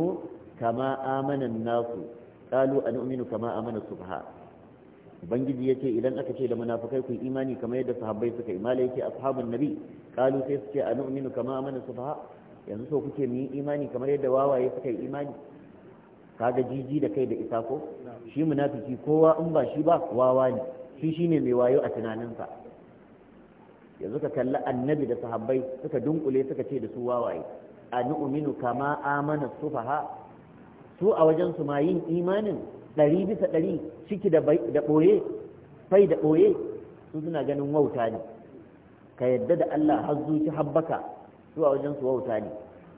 kama amana nasu qalu anu'minu kama amana subha ubangiji yace idan aka ce da munafikai ku imani kamar yadda sahabbai suka yi malai yake ashabun nabi qalu sai su ce anu'minu kama amana subha yanzu so kuke mu imani kamar yadda wawaye suka yi imani kaga jiji da kai da isa ko shi munafiki kowa in ba shi ba wawa ne shi shine mai wayo a tunaninsa yanzu ka kalli annabi da sahabbai suka dunkule suka ce da su wawaye ani uminu kama amana sufaha su a wajen su ma yin imanin ɗari bisa ɗari ciki da ɓoye fai da ɓoye su suna ganin wauta ne ka yadda da Allah har zuci habbaka su a wajen su wauta ne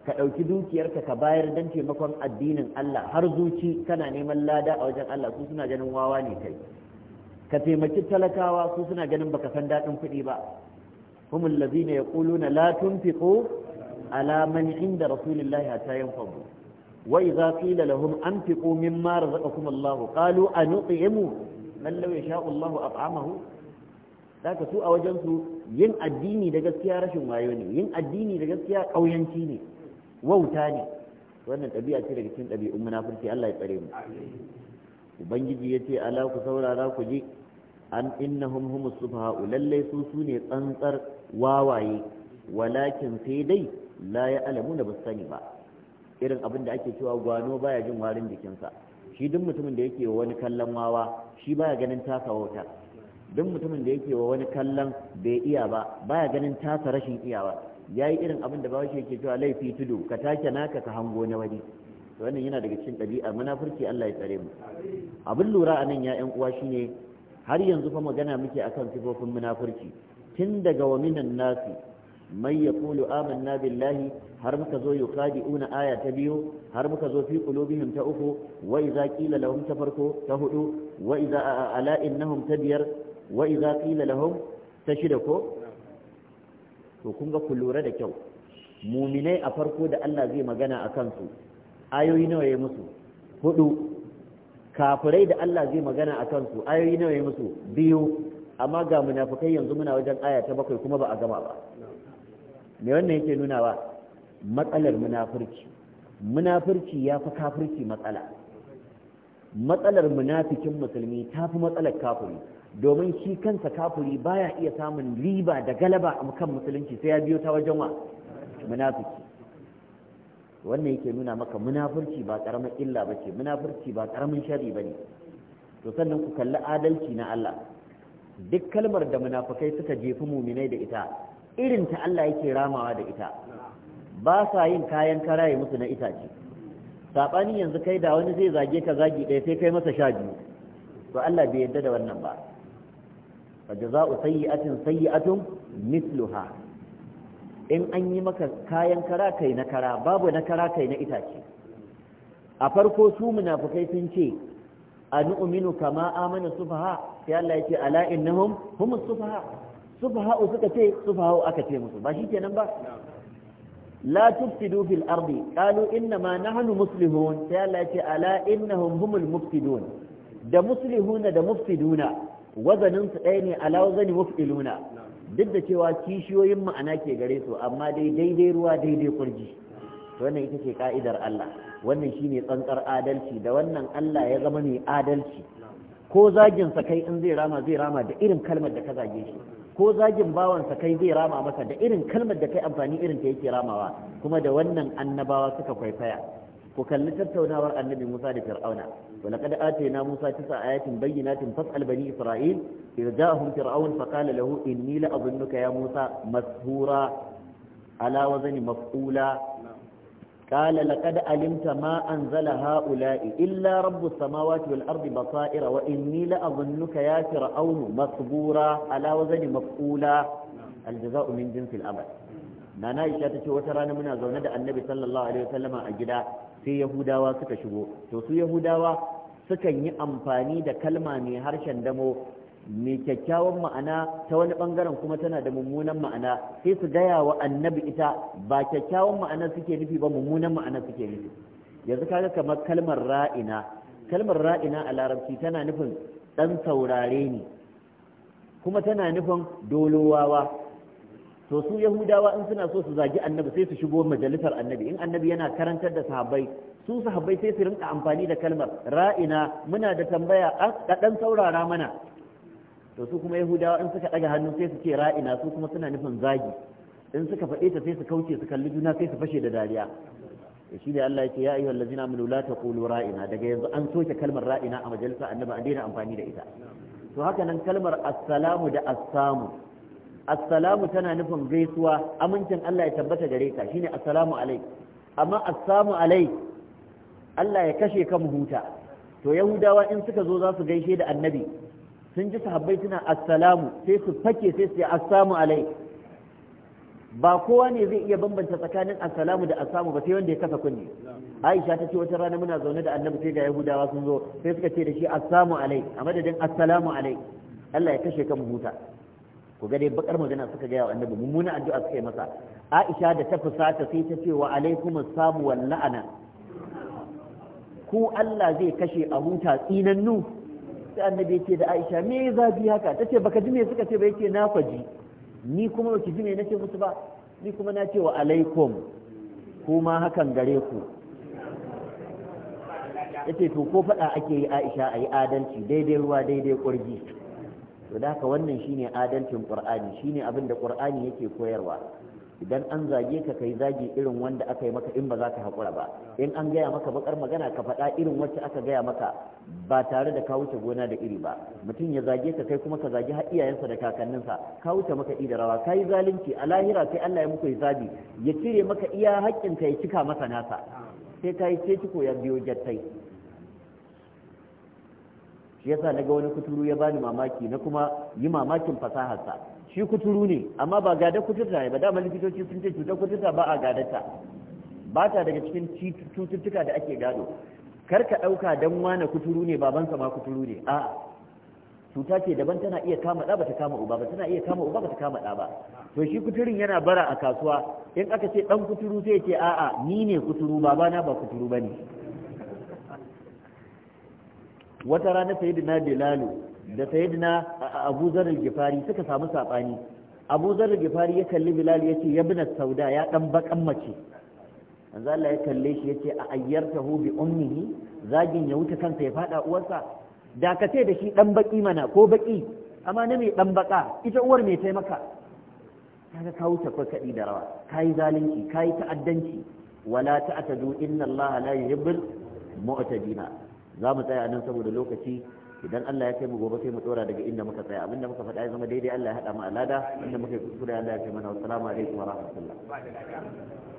ka ɗauki dukiyarka ka bayar don taimakon addinin Allah har zuci kana neman lada a wajen Allah su suna ganin wawa ne kai ka taimaki talakawa su suna ganin baka san daɗin kuɗi ba humul lazina yaquluna na latun fiƙo man inda rasulillahi hatta yanfadu wa idza qila lahum anfiqu mimma razaqakum Allah qalu anuqimu man law yasha'u Allah at'amahu zaka su a wajen su yin addini da gaskiya rashin wayo ne yin addini da gaskiya ƙauyanci ne wauta ne wannan ɗabi'a ce daga cikin ɗabi'un munafurci Allah ya tsare mu ubangiji yace ce ala ku saurara ku ji an innahum humus sufaha'u lallai su su ne tsantsar wawaye walakin sai dai la ya alamu da basu sani ba irin abin da ake cewa gwano baya jin warin jikinsa shi duk mutumin da yake wa wani kallon wawa shi baya ganin tasa wautar duk mutumin da yake wa wani kallon bai iya ba baya ganin tasa rashin iyawa ya yi irin abin da bawashi yake cewa laifi tudu ka take naka ka hango na wani to wannan yana daga cikin ɗabi'ar munafurci Allah ya tsare mu abin lura a nan ya ƴan uwa shine har yanzu fa magana muke akan sifofin munafurci tun daga wa minan nasi mai yaqulu amanna billahi har muka zo yukhadi'una aya ta biyu har muka zo fi qulubihim ta uku wa idza qila lahum ta farko ta hudu wa idza ala innahum ta biyar wa idza qila lahum ta shida ko to kun ga ku da kyau muminai a farko da Allah zai magana a kansu ayoyi nawa ya musu hudu kafirai da Allah zai magana a kansu ayoyi nawa ya musu biyu amma ga munafukai yanzu muna wajen aya ta bakwai kuma ba a gama ba me wannan yake nuna matsalar munafurci munafurci ya fi kafirci matsala matsalar munafikin musulmi ta fi matsalar kafuri, domin shi kansa kafuri baya iya samun riba da galaba a kan musulunci sai ya biyo ta wajen wa munafiki wannan yake nuna maka munafurci ba karamin illa ba ce munafurci ba karamin shari ba ne to sannan ku kalli adalci na Allah duk kalmar da munafukai suka jefi muminai da ita irin ta Allah yake ramawa da ita ba sa yin kayan karaye musu na itace saɓanin yanzu kai da wani zai zage ka zagi ɗaya sai kai masa sha biyu to Allah bai yarda da wannan ba fa jaza'u sayyi'atin sayyi'atun mithluha in an yi maka kayan kara kai na kara babu na kara kai na itace a farko su munafukai sun ce an uminu kama amana sufaha sai Allah ya ce ala innahum humus sufaha sufaha suka ce sufaha aka ce musu ba shi shikenan ba la tufsidu fil ardi qalu inna ma nahnu muslihun sai Allah ce ala innahum humul mufsidun da muslihuna da mufsiduna wazanin su ɗaya ne ala wazani mufsiluna duk da cewa kishiyoyin ma'ana ke gare su amma dai daidai ruwa daidai ƙurji, wannan ita ce ka'idar Allah wannan shine tsantsar adalci da wannan Allah ya zama mai adalci ko zaginsa kai in zai rama zai rama da irin kalmar da ka zage shi ko zagin bawansa kai zai rama masa da irin kalmar da kai amfani irin ta yake ramawa kuma da wannan annabawa suka kwaikwaya ku kalli tattaunawar annabi Musa da Fir'auna wa laqad atayna Musa tisa ayatin bayyinatin fas'al bani Isra'il idza fir'aun fa lahu inni la adhunnuka ya Musa mashura ala wazni maf'ula قال لقد علمت ما أنزل هؤلاء إلا رب السماوات والأرض بصائر وإني لأظنك يا فرعون مصبورا على وزن مفعولا الجزاء من جنس الأمل nana Aisha tace wata rana muna zaune da Annabi sallallahu alaihi wasallama a gida sai Yahudawa suka shigo to Yahudawa sukan yi amfani da kalma mai harshen damo mai kyakkyawan ma'ana ta wani bangaren kuma tana da mummunan ma'ana sai su gaya wa annabi ita ba kyakkyawan ma'ana suke nufi ba mummunan ma'ana suke nufi yanzu kaga kamar kalmar ra'ina kalmar ra'ina a larabci tana nufin dan saurare ne kuma tana nufin dolowawa to su yahudawa in suna so su zagi annabi sai su shigo majalisar annabi in annabi yana karantar da sahabbai su sahabbai sai su rinka amfani da kalmar ra'ina muna da tambaya dan saurara mana to su kuma yahudawa in suka ɗaga hannu sai su ce ra'ina su kuma suna nufin zagi in suka faɗe ta sai su kauce su kalli juna sai su fashe da dariya shi ne Allah ya ce ya ayyuha allazina amanu la taqulu ra'ina daga yanzu an soke kalmar ra'ina a majalisa annabi an daina amfani da ita to haka nan kalmar assalamu da assamu assalamu tana nufin gaisuwa amincin Allah ya tabbata gare ka shine assalamu alai amma assamu alai Allah ya kashe ka mu huta to yahudawa in suka zo za su gaishe da annabi sun ji sahabbai suna assalamu sai su fake sai su yi assamu alai ba kowa ne zai iya bambanta tsakanin assalamu da assamu ba sai wanda ya kasa kunne aisha ta ce wata rana muna zaune da annabi sai ga yahudawa sun zo sai suka ce da shi assamu alai a madadin assalamu alai Allah ya kashe kan huta ku ga dai bakar magana suka gaya wa annabi mummuna addu'a suka yi masa aisha da ta fusata sai ta ce wa alaikum assamu wal la'ana ku Allah zai kashe a huta tsinannu sai annabi ya ce da Aisha me zafi haka Ta tace baka ji me suka ce ba yake na faji ni kuma ki ji me nace musu ba ni kuma na ce wa alaikum kuma hakan gare ku ce to ko faɗa ake yi Aisha a yi adalci daidai ruwa daidai kurji to da haka wannan shine adalcin ƙur'ani, shine abin da Qur'ani yake koyarwa idan an zage ka kai zagi irin wanda aka yi maka in ba za ka haƙura ba in an gaya maka bakar magana ka faɗa irin wacce aka gaya maka ba tare da ka wuce gona da iri ba mutum ya zage ka kai kuma ka zagi har iyayensa da kakanninsa ka wuce maka da rawa ka yi zalunci a lahira sai Allah ya muku hisabi ya cire maka iya haƙƙinka ya cika masa nasa sai ka yi ceciko ya biyo jattai shi yasa na ga wani kuturu ya bani mamaki na kuma yi mamakin fasaharsa shi kuturu ne amma ba gada kuturta ne ba dama likitoci sun ce cutar kuturta ba a gadata ba ta daga cikin cututtuka da ake gado kar ka ɗauka dan wane kuturu ne babansa ma kuturu ne a cuta ce daban tana iya kama ɗa bata kama uba ba tana iya kama uba bata kama ɗa ba to shi kuturin yana bara a kasuwa in aka ce ɗan kuturu sai ce a'a ni ne kuturu babana ba kuturu ba ne wata rana sayyidina bilalu da sayyidina abu al gifari suka samu saɓani abu al gifari ya kalli bilal ya ce ya bina sauda ya dan bakan mace manzo Allah ya kalle shi yace a ayyartahu bi ummihi zagin ya wuce kansa ya fada uwarsa da ka ce da shi dan baki mana ko baki amma na mai dan baka ita uwar mai taimaka kaga ka wuce kadi da rawa kai zalunci kai ta'addanci wala ta'tadu inna Allah la yuhibbul mu'tadina za mu tsaya nan saboda lokaci idan Allah ya kai mu gobe sai mu dora daga inda muka tsaya abinda muka faɗa ya zama daidai Allah ya haɗa mu alada inda muka yi kuskure Allah ya kai mana wassalamu alaikum wa rahmatullah